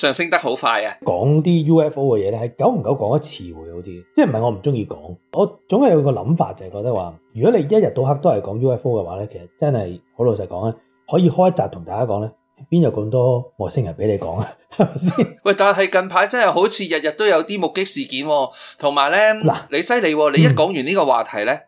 上升得好快啊！講啲 UFO 嘅嘢咧，係久唔久講一次會好啲？即係唔係我唔中意講，我總係有個諗法就係覺得話，如果你一日到黑都係講 UFO 嘅話咧，其實真係好老實講咧，可以開一集同大家講咧，邊有咁多外星人俾你講啊？係咪先？喂，但係近排真係好似日日都有啲目擊事件喎，同埋咧，嗱，你犀利喎，你一講完呢個話題咧，嗯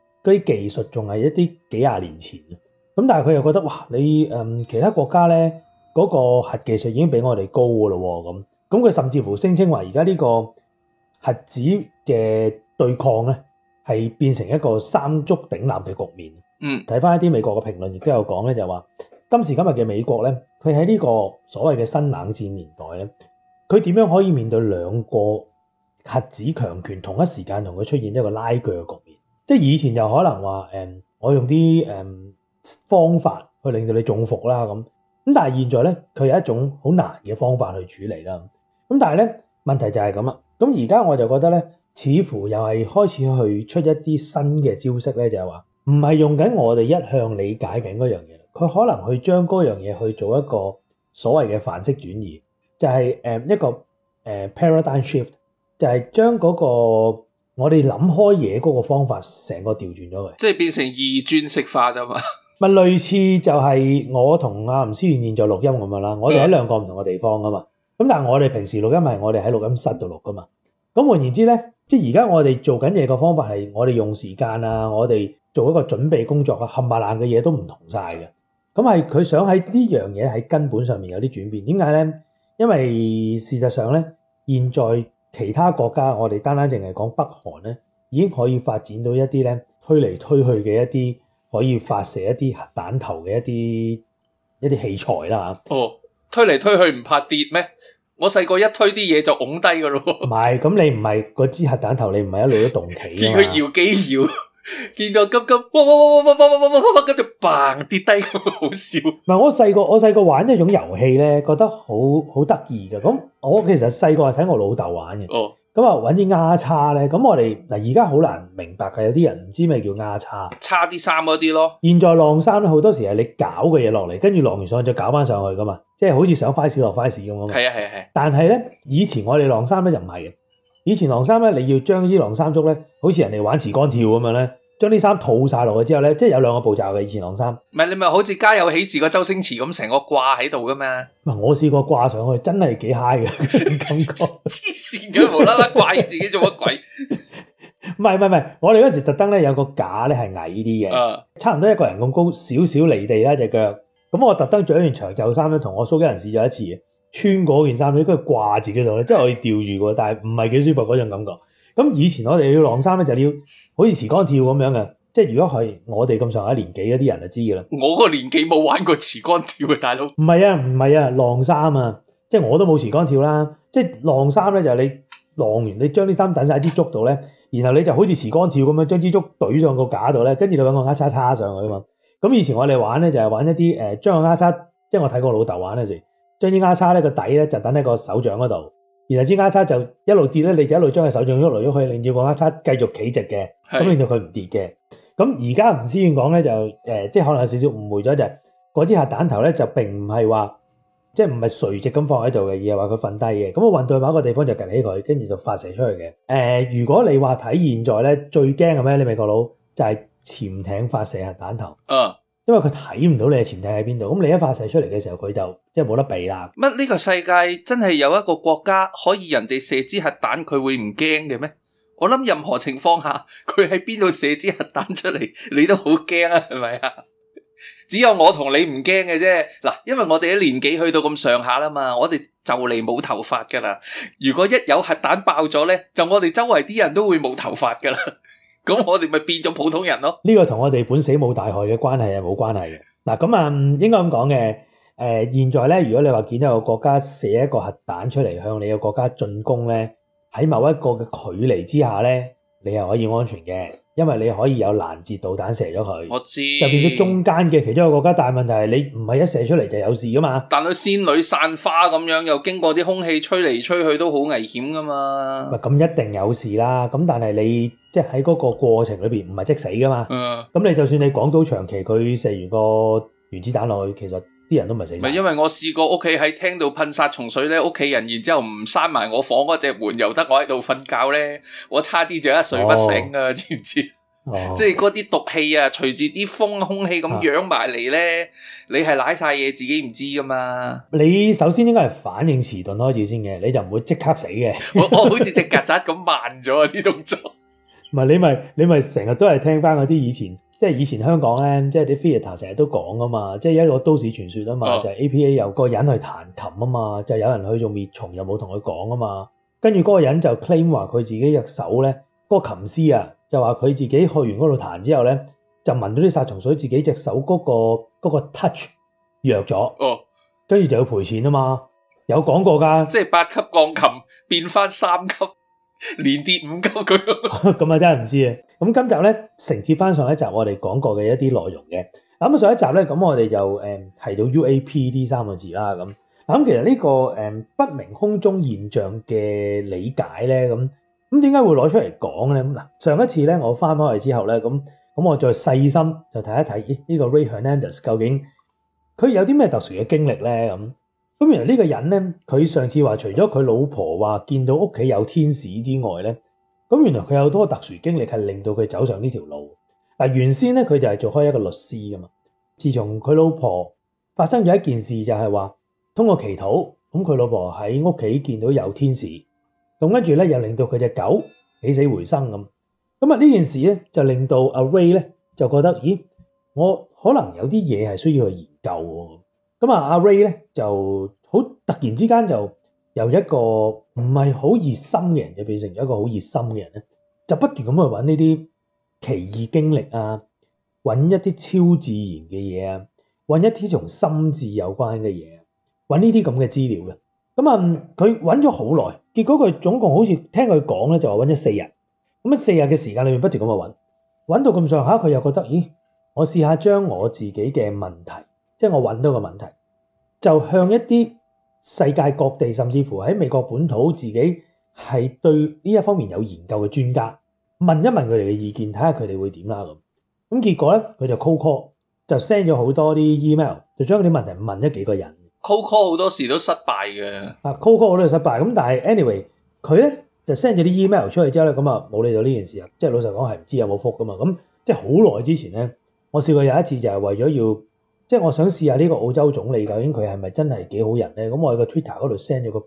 嗰啲技術仲係一啲幾廿年前，咁但係佢又覺得哇，你、嗯、其他國家咧嗰、嗰個核技術已經比我哋高㗎咯喎！咁咁佢甚至乎聲稱話而家呢個核子嘅對抗咧，係變成一個三足鼎立嘅局面。嗯，睇翻一啲美國嘅評論，亦都有講咧，就話今時今日嘅美國咧，佢喺呢個所謂嘅新冷戰年代咧，佢點樣可以面對兩個核子強權同一時間同佢出現一個拉鋸嘅局面？即係以前就可能話誒，我用啲誒方法去令到你中伏啦咁，咁但係現在咧，佢有一種好難嘅方法去處理啦。咁但係咧，問題就係咁啦。咁而家我就覺得咧，似乎又係開始去出一啲新嘅招式咧，就係話唔係用緊我哋一向理解緊嗰樣嘢，佢可能去將嗰樣嘢去做一個所謂嘅範式轉移，就係、是、誒一個誒 paradigm shift，就係將嗰個。我哋諗開嘢嗰個方法，成個調轉咗佢，即係變成二轉式化啊嘛。咪類似就係我同阿吳思源現在錄音咁樣啦。我哋喺兩個唔同嘅地方噶嘛。咁但係我哋平時錄音咪係我哋喺錄音室度錄噶嘛。咁換言之咧，即係而家我哋做緊嘢嘅方法係我哋用時間啊，我哋做一個準備工作啊，冚唪唥嘅嘢都唔同晒嘅。咁係佢想喺呢樣嘢喺根本上面有啲轉變。點解咧？因為事實上咧，現在。其他國家，我哋單單淨係講北韓咧，已經可以發展到一啲咧，推嚟推去嘅，一啲可以發射一啲核彈頭嘅一啲一啲器材啦嚇。哦，推嚟推去唔怕跌咩？我細個一推啲嘢就拱低噶咯。唔係，咁你唔係嗰支核彈頭你一一，你唔係一路都動企啊，見佢搖機搖。見到金金，嘩嘩嘩嘩嘩嘩嘩嘩嘩，跟住嘭跌低咁，好笑。唔係我細個，我細個玩一種遊戲咧，覺得好好得意噶。咁我其實細個係睇我老豆玩嘅。哦丫叉，咁啊，揾啲丫叉咧。咁我哋嗱，而家好難明白嘅，有啲人唔知咩叫丫叉，叉啲衫嗰啲咯。現在晾衫咧，好多時係你搞嘅嘢落嚟，跟住晾完上去再搞翻上去噶嘛，即係好似上快勞落快勞咁啊。係啊係啊係。但係咧，以前我哋晾衫咧就唔係嘅。以前晾衫呢，你要將啲晾衫竹呢，好似人哋玩撐竿跳咁樣呢，將啲衫套晒落去之後呢，即係有兩個步驟嘅。以前晾衫，唔係你咪好似家有喜事個周星馳咁，成個掛喺度㗎嘛？唔係我試過掛上去，真係幾嗨㗎！感覺，黐線嘅，無啦啦掛住自己做乜鬼？唔係唔係唔係，我哋嗰時特登咧有個架咧係矮啲嘅，uh. 差唔多一個人咁高，少少離地啦隻腳。咁我特登着完長袖衫咧，同我蘇吉人試咗一次。穿過嗰件衫咧，佢掛住喺度咧，即係可以釣住嘅，但係唔係幾舒服嗰種感覺。咁以前我哋要晾衫咧，就要好似撐竿跳咁樣嘅，即係如果係我哋咁上下年紀嗰啲人就知嘅啦。我嗰個年紀冇玩過撐竿跳嘅大佬。唔係啊，唔係啊，晾衫啊，即係我都冇撐竿跳啦。即係晾衫咧，就係你晾完，你將啲衫揼晒喺支竹度咧，然後你就好似撐竿跳咁樣，將支竹懟上個架度咧，跟住就揾個丫叉，叉叉上去啊嘛。咁以前我哋玩咧就係玩一啲誒、呃，將個丫叉，即係我睇過我老豆玩嗰時。將支牙叉咧個底咧就等喺個手掌嗰度，然後支牙叉就一路跌咧，你就一路將個手掌喐嚟喐去，令到個牙叉繼續企直嘅，咁令到佢唔跌嘅。咁而家吳思遠講咧就、呃、即係可能有少少誤會咗就嗰、是、支核彈頭咧就並唔係話即係唔係垂直咁放喺度嘅，而係話佢瞓低嘅。咁我運到某一個地方就趌起佢，跟住就發射出去嘅。誒、呃，如果你話睇現在咧最驚嘅咩？你美國佬就係、是、潛艇發射核彈頭。嗯、啊。因為佢睇唔到你嘅潛艇喺邊度，咁你一發射出嚟嘅時候，佢就即係冇得避啦。乜、這、呢個世界真係有一個國家可以人哋射支核彈佢會唔驚嘅咩？我諗任何情況下，佢喺邊度射支核彈出嚟，你都好驚啊？係咪啊？只有我同你唔驚嘅啫。嗱，因為我哋啲年紀去到咁上下啦嘛，我哋就嚟冇頭髮噶啦。如果一有核彈爆咗咧，就我哋周圍啲人都會冇頭髮噶啦。咁我哋咪變咗普通人咯？呢個同我哋本死冇大害嘅關係係冇關係嘅。嗱咁啊，應該咁講嘅。誒，現在咧，如果你話見到有一個國家射一個核彈出嚟向你嘅國家進攻咧，喺某一個嘅距離之下咧，你係可以安全嘅，因為你可以有攔截導彈射咗佢。我知就變咗中間嘅其中一個國家。大問題係你唔係一射出嚟就有事噶嘛？但係仙女散花咁樣又經過啲空氣吹嚟吹去都好危險噶嘛？唔係咁一定有事啦。咁但係你。即係喺嗰個過程裏面唔係即死噶嘛。嗯。咁你就算你講到長期佢射完個原子彈落去，其實啲人都唔係死嘅。唔係因為我試過屋企喺廳度噴殺蟲水咧，屋企人然之後唔閂埋我房嗰隻門，由得我喺度瞓覺咧，我差啲就一睡不醒啊！Oh. 知唔知？Oh. 即係嗰啲毒氣啊，隨住啲風空氣咁揚埋嚟咧，uh. 你係瀨晒嘢自己唔知噶嘛？你首先應該係反應遲鈍開始先嘅，你就唔會即刻死嘅。 我我好似隻曱甴咁慢咗啲動作。唔係你咪你咪成日都係聽翻嗰啲以前，即係以前香港咧，即係啲 theater 成日都講啊嘛，即係一個都市傳說啊嘛，哦、就係、是、A.P.A. 有個人去彈琴啊嘛，就有人去做滅蟲又冇同佢講啊嘛，跟住嗰個人就 claim 話佢自己隻手咧，嗰個琴師啊就話佢自己去完嗰度彈之後咧，就聞到啲殺蟲水，自己隻手嗰、嗰個嗰、嗰個、touch 弱咗，哦，跟住就要賠錢啊嘛，有講過㗎，即係八級鋼琴變翻三級。連跌五九佢咁啊，真係唔知啊！咁今集咧承接翻上，上一集我哋講過嘅一啲內容嘅，咁上一集咧，咁我哋就誒提到 UAP 呢三個字啦，咁嗱咁其實呢個誒不明空中現象嘅理解咧，咁咁點解會攞出嚟講咧？咁嗱上一次咧我翻返去之後咧，咁咁我再細心就睇一睇呢個 Rey Hernandez 究竟佢有啲咩特殊嘅經歷咧？咁。咁原來呢個人呢，佢上次話除咗佢老婆話見到屋企有天使之外呢，咁原來佢有多個特殊經歷係令到佢走上呢條路。嗱，原先呢，佢就係做開一個律師噶嘛。自從佢老婆發生咗一件事就，就係話通過祈禱，咁佢老婆喺屋企見到有天使，咁跟住呢，又令到佢隻狗起死回生咁。咁啊呢件事呢，就令到阿 Ray 呢，就覺得，咦，我可能有啲嘢係需要去研究喎。咁啊，阿 Ray 咧就好突然之間就由一個唔係好熱心嘅人，就變成咗一個好熱心嘅人咧，就不斷咁去搵呢啲奇異經歷啊，搵一啲超自然嘅嘢啊，搵一啲同心智有關嘅嘢，啊，搵呢啲咁嘅資料嘅。咁、嗯、啊，佢搵咗好耐，結果佢總共好似聽佢講咧，就話搵咗四日。咁啊，四日嘅時間裏面不斷咁去搵。搵到咁上下，佢又覺得，咦，我試下將我自己嘅問題。即係我揾到個問題，就向一啲世界各地，甚至乎喺美國本土自己係對呢一方面有研究嘅專家問一問佢哋嘅意見，睇下佢哋會點啦咁。咁結果咧，佢就 cold call 就 send 咗好多啲 email，就將嗰啲問題問咗幾個人。cold call 好多時都失敗嘅啊！yeah,cold call 好多失敗咁，但係 anyway 佢咧就 send 咗啲 email 出去之後咧，咁啊，冇理到呢件事啊，即係老實講係唔知有冇覆㗎嘛。咁即係好耐之前咧，我試過有一次就係為咗要。即係我想試下呢個澳洲總理究竟佢係咪真係幾好人咧？咁我喺個 Twitter 嗰度 send 咗個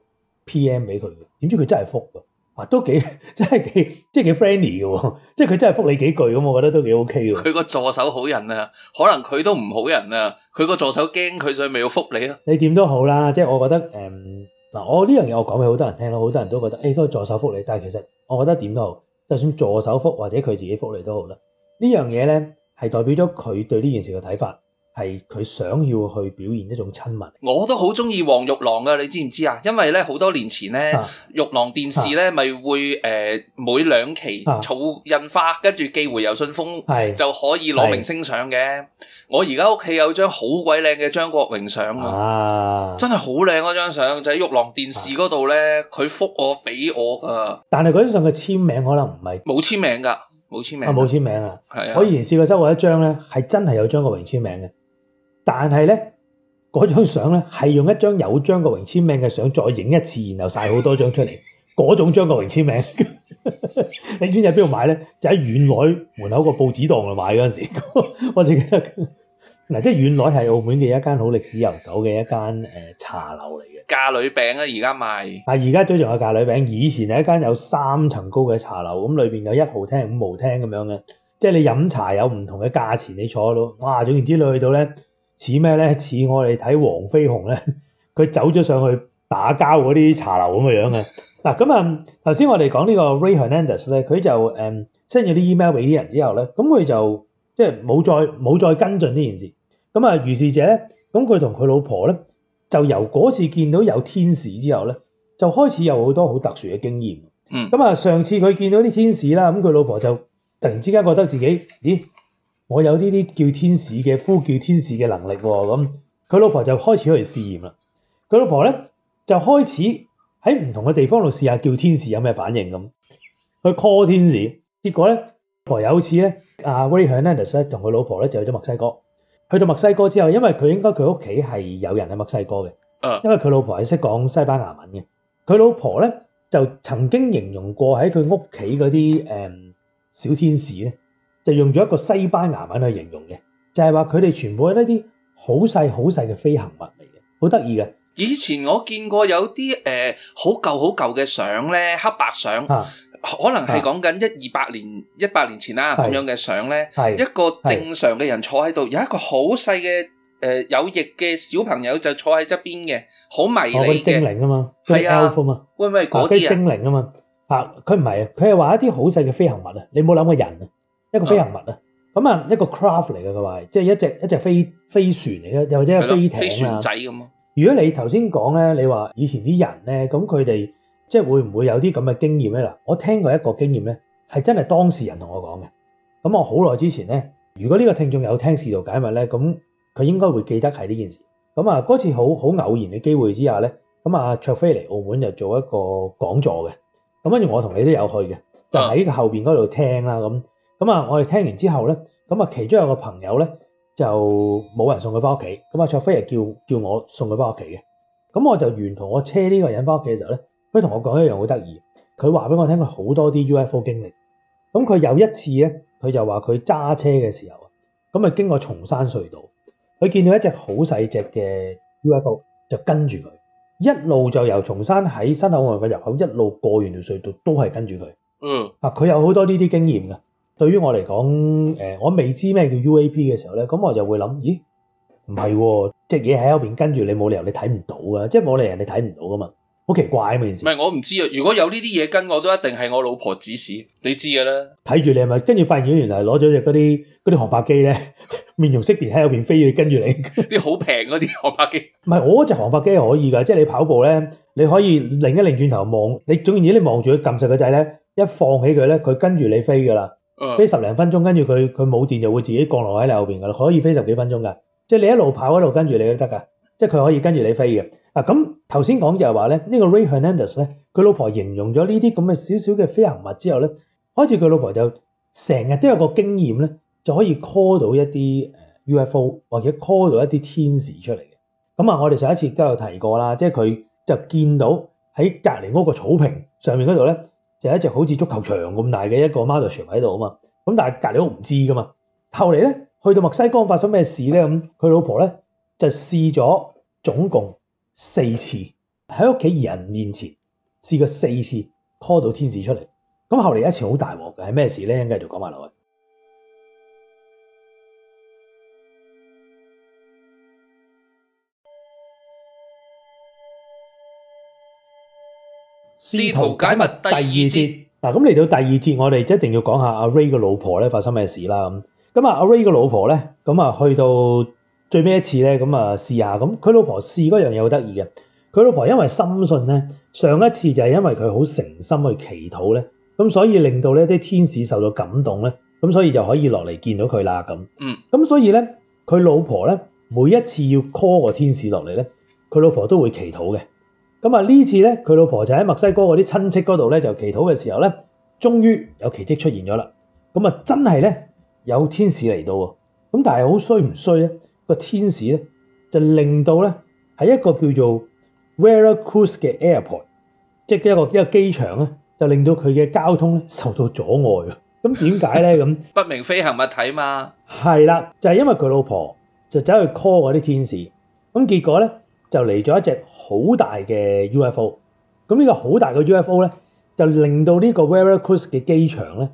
PM 俾佢嘅，點知佢真係覆喎！啊，都幾真係幾即係幾 friendly 嘅喎，即係佢真係覆你幾句咁，我覺得都幾 OK 喎。佢個助手好人啊，可能佢都唔好人啊，佢個助手驚佢所以咪要覆你咯、啊。你點都好啦，即係我覺得誒嗱、嗯，我呢樣嘢我講俾好多人聽咯，好多人都覺得誒嗰、哎那個助手覆你，但係其實我覺得點都好，就算助手覆或者佢自己覆你都好啦。呢樣嘢咧係代表咗佢對呢件事嘅睇法。係佢想要去表現一種親密。我都好中意黃玉郎㗎，你知唔知啊？因為咧，好多年前咧、啊，玉郎電視咧咪、啊、會、呃、每兩期儲印花，跟、啊、住寄回郵信封，就可以攞明星相嘅。我而家屋企有張好鬼靚嘅張國榮相啊！真係好靚嗰張相，就喺、是、玉郎電視嗰度咧，佢、啊、覆我俾我噶。但係嗰張相嘅簽名可能唔係冇簽名㗎，冇簽名冇簽名，簽名，啊，簽名啊！我以前試過收過一張咧，係真係有張國榮簽名嘅。但係呢，嗰張相呢，係用一張有張國榮簽名嘅相再影一次，然後曬好多張出嚟。嗰種張國榮簽名， 你知唔知喺邊度買呢？就喺遠來門口個報紙檔度買嗰陣時候。 我記得嗱，即係遠來係澳門嘅一間好歷史悠久嘅一間、呃、茶樓嚟嘅。咖喱餅啊，而家賣，而家最常嘅咖喱餅。以前係一間有三層高嘅茶樓，咁裏面有一號廳、五號廳咁樣嘅，即係你飲茶有唔同嘅價錢，你坐到，哇，總言之，你去到呢。似咩咧？似我哋睇黃飛鴻咧，佢走咗上去打交嗰啲茶樓咁嘅樣嘅。嗱 咁啊，頭、嗯、先我哋講呢個 Ray Hernandez 咧，佢就誒 send 咗啲 email 俾啲人之後咧，咁佢就即係冇再冇再跟進呢件事。咁、嗯、啊，如是者咧，咁佢同佢老婆咧，就由嗰次見到有天使之後咧，就開始有好多好特殊嘅經驗。嗯。咁啊，上次佢見到啲天使啦，咁佢老婆就突然之間覺得自己咦？我有呢啲叫天使嘅呼叫天使嘅能力，咁佢老婆就開始去試驗啦。佢老婆咧就開始喺唔同嘅地方度試下叫天使有咩反應咁，去 call 天使。結果咧，有一次咧，阿 Rey Hernandez 同佢老婆咧就去咗墨西哥。去到墨西哥之後，因為佢應該佢屋企係有人喺墨西哥嘅，因為佢老婆係識講西班牙文嘅。佢老婆咧就曾經形容過喺佢屋企嗰啲誒小天使咧。就用咗一個西班牙文去形容嘅，就係話佢哋全部係一啲好細好細嘅飛行物嚟嘅，好得意嘅。以前我見過有啲誒好舊好舊嘅相咧，黑白相，可能係講緊一二百年、一百年前啦咁樣嘅相咧，一個正常嘅人坐喺度，有一個好細嘅誒有翼嘅小朋友就坐喺側邊嘅，好迷你嘅。我嘅精靈啊嘛，係啊嘛，會唔會嗰啲啊？精靈啊嘛，嚇佢唔係啊，佢係話一啲好細嘅飛行物啊，你冇諗過人啊？一個飛行物啊，咁、嗯、啊一個 craft 嚟嘅。佢話，即係一隻一隻飛飛船嚟咯，又或者係飛艇啊，飛船仔咁如果你頭先講咧，你話以前啲人咧，咁佢哋即係會唔會有啲咁嘅經驗咧？嗱，我聽過一個經驗咧，係真係當事人同我講嘅。咁我好耐之前咧，如果呢個聽眾有聽試圖解密咧，咁佢應該會記得係呢件事。咁啊，嗰次好好偶然嘅機會之下咧，咁啊卓飛嚟澳門就做一個講座嘅，咁跟住我同你都有去嘅，就喺後邊嗰度聽啦咁。嗯咁啊，我哋聽完之後咧，咁啊，其中有個朋友咧就冇人送佢翻屋企，咁啊，卓飛係叫叫我送佢翻屋企嘅，咁我就沿途我車呢個人翻屋企嘅時候咧，佢同我講一樣好得意，佢話俾我聽佢好多啲 UFO 經歷，咁佢有一次咧，佢就話佢揸車嘅時候啊，咁啊經過松山隧道，佢見到一隻好細隻嘅 UFO 就跟住佢，一路就由松山喺新口岸嘅入口一路過完條隧道都係跟住佢，嗯，啊佢有好多呢啲經驗嘅。對於我嚟講，誒、呃，我未知咩叫 UAP 嘅時候咧，咁我就會諗，咦，唔係喎，隻嘢喺後邊跟住你，冇理由你睇唔到嘅，即係冇理由你睇唔到噶嘛，好奇怪啊！呢件事唔係我唔知啊，如果有呢啲嘢跟我，我都一定係我老婆指使，你知噶啦。睇住你係咪跟住？發現原來攞咗隻嗰啲啲航拍機咧，面容識別喺後邊飛去跟住你，啲好平嗰啲航拍機。唔係我嗰隻航拍機可以㗎，即係你跑步咧，你可以擰一擰轉頭望，你總然之你望住佢撳實個掣咧，一放起佢咧，佢跟住你飛㗎啦。飛十零分鐘，跟住佢佢冇電就會自己降落喺你後邊噶啦，可以飛十幾分鐘噶，就是，即係你一路跑一路跟住你都得噶，即係佢可以跟住你飛嘅。咁頭先講就係話咧，呢、呢個 Rey Hernandez 咧，佢老婆形容咗呢啲咁嘅少少嘅飛行物之後咧，開始佢老婆就成日都有個經驗咧，就可以 call 到一啲誒 UFO 或者 call 到一啲天使出嚟嘅。咁啊，我哋上一次都有提過啦，即係佢就見到喺隔籬嗰個草坪上面嗰度咧。就有一隻好似足球場咁大嘅一個 model 船喺度啊嘛，咁但係隔離我唔知㗎嘛。後嚟呢，去到墨西哥發生咩事呢？咁，佢老婆呢，就試咗總共四次喺屋企人面前試過四次 call 到天使出嚟，咁後嚟一次好大鑊嘅係咩事咧？跟住就講埋落去。試圖解密第二節嗱，咁嚟到第二節，二節我哋一定要講下阿 Ray 個老婆咧發生咩事啦咁。咁啊，阿 Ray 個老婆咧，咁啊去到最尾一次咧，咁啊試下咁。佢老婆試嗰樣嘢好得意嘅。佢老婆因為深信咧，上一次就係因為佢好誠心去祈禱咧，咁所以令到呢啲天使受到感動咧，咁所以就可以落嚟見到佢啦咁。嗯，咁所以咧，佢老婆咧每一次要 call 個天使落嚟咧，佢老婆都會祈禱嘅。咁啊呢次咧，佢老婆就喺墨西哥嗰啲親戚嗰度咧，就祈禱嘅時候咧，終於有奇蹟出現咗啦。咁啊，真係咧有天使嚟到喎。咁但係好衰唔衰咧？個天使咧就令到咧係一個叫做 Vera Cruz 嘅 airport，即係一個一個機場咧，就令到佢嘅交通咧受到阻礙啊。咁點解咧？咁 不明飛行物體嘛。係啦，就係、是、因為佢老婆就走去 call 嗰啲天使，咁結果咧，就嚟咗一隻好大嘅 UFO，咁呢個好大嘅 UFO 咧，就令到呢個 Veracruz 嘅機場咧，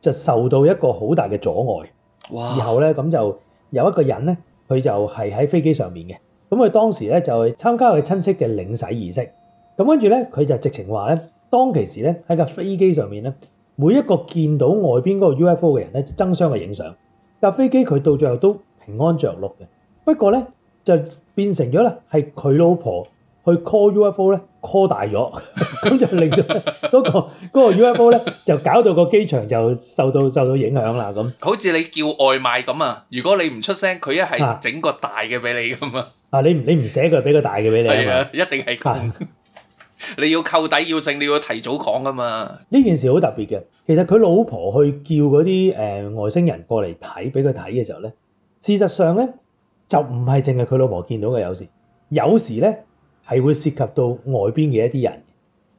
就受到一個好大嘅阻礙。事後咧，咁就有一個人咧，佢就係喺飛機上面嘅，咁佢當時咧就係參加佢親戚嘅領洗儀式，咁跟住咧佢就直情話咧，當其時咧喺架飛機上面咧，每一個見到外邊嗰個 UFO 嘅人咧，就爭相去影相。架飛機佢到最後都平安着陸嘅，不過咧。就變成咗咧，係佢老婆去 call UFO 咧，call 大咗，咁就令到嗰個嗰個 UFO 咧，就搞到個機場就受到受到影響啦。咁好似你叫外賣咁啊，如果你唔出聲，佢一係整個大嘅俾你咁啊。啊，你你唔寫佢俾個大嘅俾你啊？係啊，一定係佢。你要扣底要勝，你要提早講㗎嘛。呢件事好特別嘅，其實佢老婆去叫嗰啲誒外星人過嚟睇，俾佢睇嘅時候咧，事實上咧，就唔係淨係佢老婆見到嘅，有時有時咧係會涉及到外邊嘅一啲人。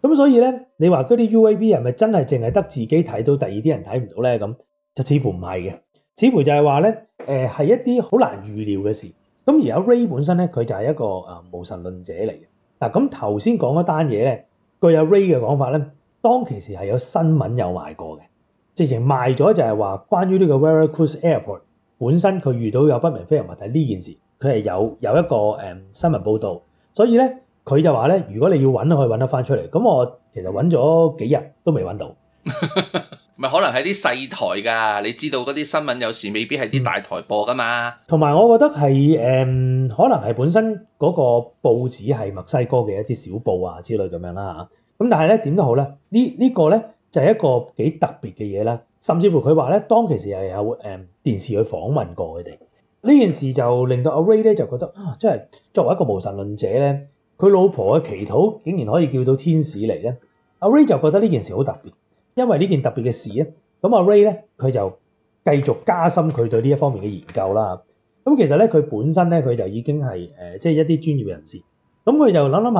咁所以咧，你話嗰啲 UAP 人咪真係淨係得自己睇到，第二啲人睇唔到咧？咁就似乎唔係嘅，似乎就係話咧，係、呃、一啲好難預料嘅事。咁而家 Ray 本身咧，佢就係一個誒無神論者嚟嘅。嗱咁頭先講一單嘢咧，據有 Ray 嘅講法咧，當其時係有新聞有賣過嘅，直情賣咗就係話關於呢個 Veracruz Airport。本身佢遇到有不明飛行物體呢件事，佢係有有一個誒、嗯、新聞報導，所以咧佢就話咧，如果你要揾，可以揾得返出嚟。咁我其實揾咗幾日都未揾到，咪 可能係啲細台㗎？你知道嗰啲新聞有時未必係啲大台播㗎嘛。同、嗯、埋我覺得係誒、嗯，可能係本身嗰個報紙係墨西哥嘅一啲小報啊之類咁樣啦嚇。咁、嗯、但係咧點都好咧，這個、呢呢個咧就係、是、一個幾特別嘅嘢啦。甚至乎佢話咧，當其時又有誒電視去訪問過佢哋呢件事，就令到阿 Ray 咧就覺得啊，真係作為一個無神論者咧，佢老婆嘅祈禱竟然可以叫到天使嚟咧。阿 Ray 就覺得呢件事好特別，因為呢件特別嘅事咧，咁阿 Ray 咧佢就繼續加深佢對呢一方面嘅研究啦。咁其實咧佢本身咧佢就已經係即係一啲專業人士，咁佢就諗諗下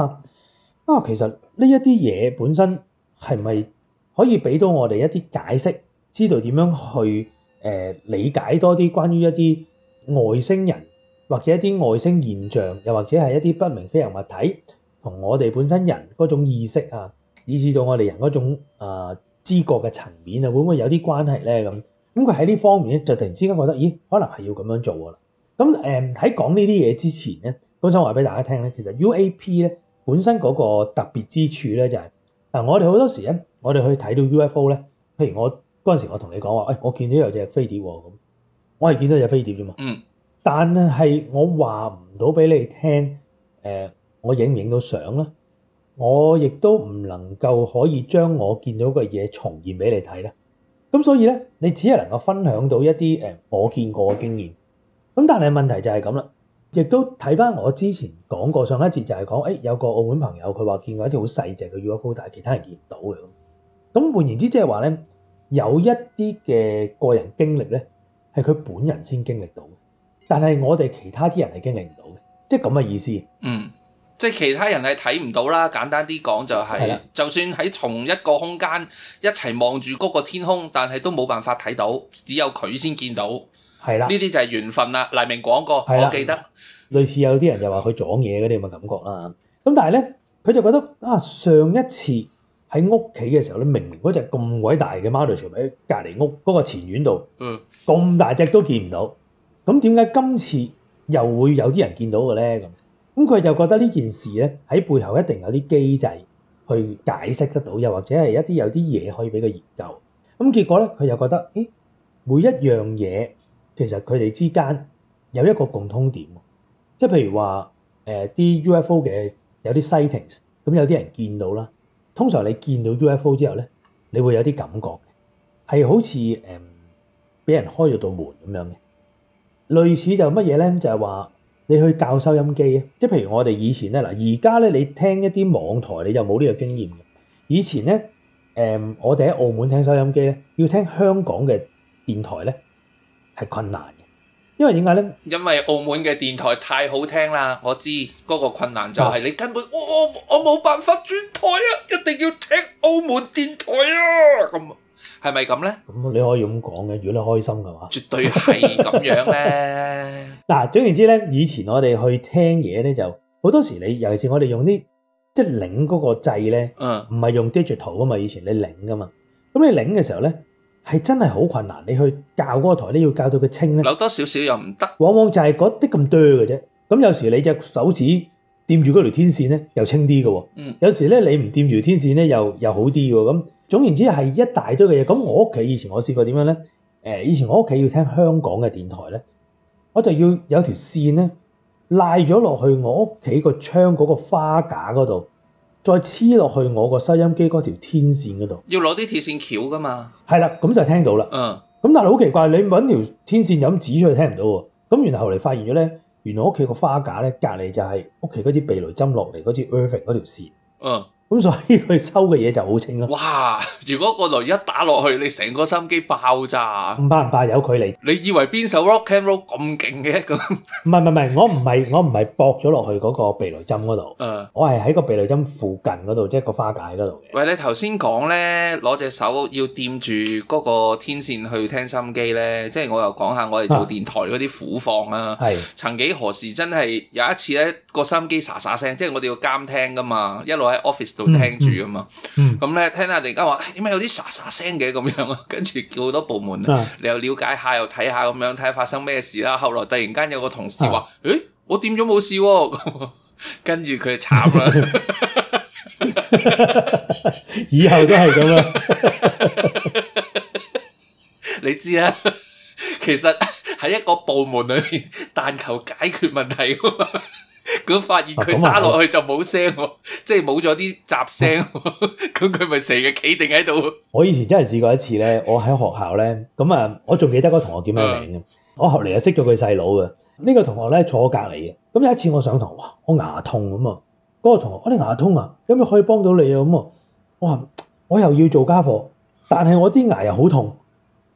啊，其實呢一啲嘢本身係咪可以俾到我哋一啲解釋？知道點樣去誒、呃、理解多啲關於一啲外星人或者一啲外星現象，又或者係一啲不明飛行物體同我哋本身人嗰種意識啊，以至到我哋人嗰種、呃、知覺嘅層面啊，會唔會有啲關係咧？咁咁佢喺呢方面咧，就突然之間覺得，咦，可能係要咁樣做㗎啦。咁誒喺講呢啲嘢之前咧，本想話俾大家聽咧，其實 UAP 咧本身嗰個特別之處咧就係、是、嗱，我哋好多時咧，我哋去睇到 UFO 咧，譬如我。嗰陣時我跟你說，我同你講話，誒，我見到有隻飛碟喎、哦。咁我係見到隻飛碟啫嘛。嗯。但係我話唔到俾你聽，誒、呃，我影唔影到相咧？我亦都唔能夠可以將我見到嘅嘢重現俾你睇啦。咁所以咧，你只係能夠分享到一啲誒我見過嘅經驗。咁但係問題就係咁啦。亦都睇翻我之前講過上一節，就係講誒有個澳門朋友佢話見過一隻好細隻嘅 UFO，但係其他人見唔到嘅咁。咁換言之，即係話咧。有一啲嘅個人經歷咧，係佢本人先經歷到，但係我哋其他啲人係經歷唔到嘅，即係咁嘅意思。嗯，即係其他人係睇唔到啦。簡單啲講就係、係，就算喺同一個空間一齊望住嗰個天空，但係都冇辦法睇到，只有佢先見到。係啦，呢啲就係緣分啦。黎明講過，我記得。嗯、類似有啲人又話佢撞嘢嗰啲咁嘅感覺啦。咁但係咧，佢就覺得啊，上一次。喺屋企嘅時候咧，明明嗰隻咁鬼大嘅 model 全部喺隔離屋嗰、那個前院度，咁、嗯、大隻都見唔到。咁點解今次又會有啲人見到嘅咧？咁咁佢就覺得呢件事咧喺背後一定有啲機制去解釋得到，又或者係一啲有啲嘢可以俾佢研究。咁結果咧，佢又覺得，誒、欸、每一樣嘢其實佢哋之間有一個共通點，即係譬如話誒啲 UFO 嘅有啲 sightings，咁有啲人見到啦。通常你見到 UFO 之後咧，你會有啲感覺，係好似誒俾人開咗道門咁樣嘅。類似就乜嘢咧？就係話你去校收音機啊，即係譬如我哋以前咧，嗱而家咧你聽一啲網台你就冇呢個經驗嘅。以前咧，誒我哋喺澳門聽收音機咧，要聽香港嘅電台咧係困難。因為點解呢？因為澳門嘅電台太好聽啦，我知嗰、那個困難就係你根本、啊哦、我我我冇辦法轉台啊，一定要聽澳門電台啊，咁係咪咁呢？咁你可以咁講嘅，如果你開心嘅話，絕對係咁樣咧。嗱，總言之咧，以前我哋去聽嘢咧，就好多時你，尤其是我哋用啲即係擰嗰個掣咧，嗯，唔係用 digital 啊嘛，以前你擰噶嘛，咁你擰嘅時候咧。係真係好困難，你去較嗰個台咧，你要較到佢清咧，留多少少又唔得。往往就係嗰啲咁多嘅啫。咁有時你隻手指掂住嗰條天線咧，又清啲嘅喎。嗯，有時咧你唔掂住天線咧，又又好啲嘅。咁總言之係一大堆嘅嘢。咁我屋企以前我試過點樣咧？以前我屋企要聽香港嘅電台咧，我就要有條線咧，拉咗落去我屋企個窗嗰個花架嗰度。再黐落去我個收音機嗰條天線嗰度，要攞啲鐵線橋噶嘛？係啦，咁就聽到啦。嗯，咁但係好奇怪，你搵條天線咁指出去聽唔到喎。咁然後後嚟發現咗咧，原來屋企個花架咧隔籬就係屋企嗰支避雷針落嚟嗰支 earth 嗰條線。嗯。咁所以佢收嘅嘢就好清咯。哇！如果個雷一打落去，你成個收音機爆炸。唔怕唔怕有距離。你以為邊首 rock and roll 咁勁嘅？咁唔係唔係唔係，我唔係我唔係駁咗落去嗰個避雷針嗰度。嗯，我係喺個避雷針附近嗰度，即係個花架嗰度。喂，你頭先講咧，攞隻手要掂住嗰個天線去聽收音機咧，即係我又講下我哋做電台嗰啲苦況啦。係，曾幾何時真係有一次咧，個收音機沙沙聲，即係我哋要監聽㗎嘛，一路喺 office 度聽住啊嘛，咁、嗯、咧、嗯嗯嗯、聽下突然間話、哎、點解有啲沙沙聲嘅咁樣？跟住叫好多部門、啊，你又了解下，又睇下咁樣，睇下發生咩事啦。後來突然間有個同事話，誒、啊欸，我掂咗冇事，跟住佢就慘啦， 以後都係咁啊！ 你知啦、啊，其實喺一個部門裏邊，但求解決問題。咁發現佢揸落去就冇聲喎、啊啊，即係冇咗啲雜聲喎。咁佢咪成日企定喺度。我以前真係試過一次咧， 我喺學校咧，咁啊，我仲記得嗰個同學叫咩名嘅、嗯。我後嚟又識咗佢細佬嘅。呢、呢個同學咧坐在我隔離嘅。咁有一次我上堂，我牙痛咁啊，嗰、嗰個同學，我啲牙痛啊，咁可以幫到你啊咁啊。我話我又要做家課，但係我啲牙又好痛。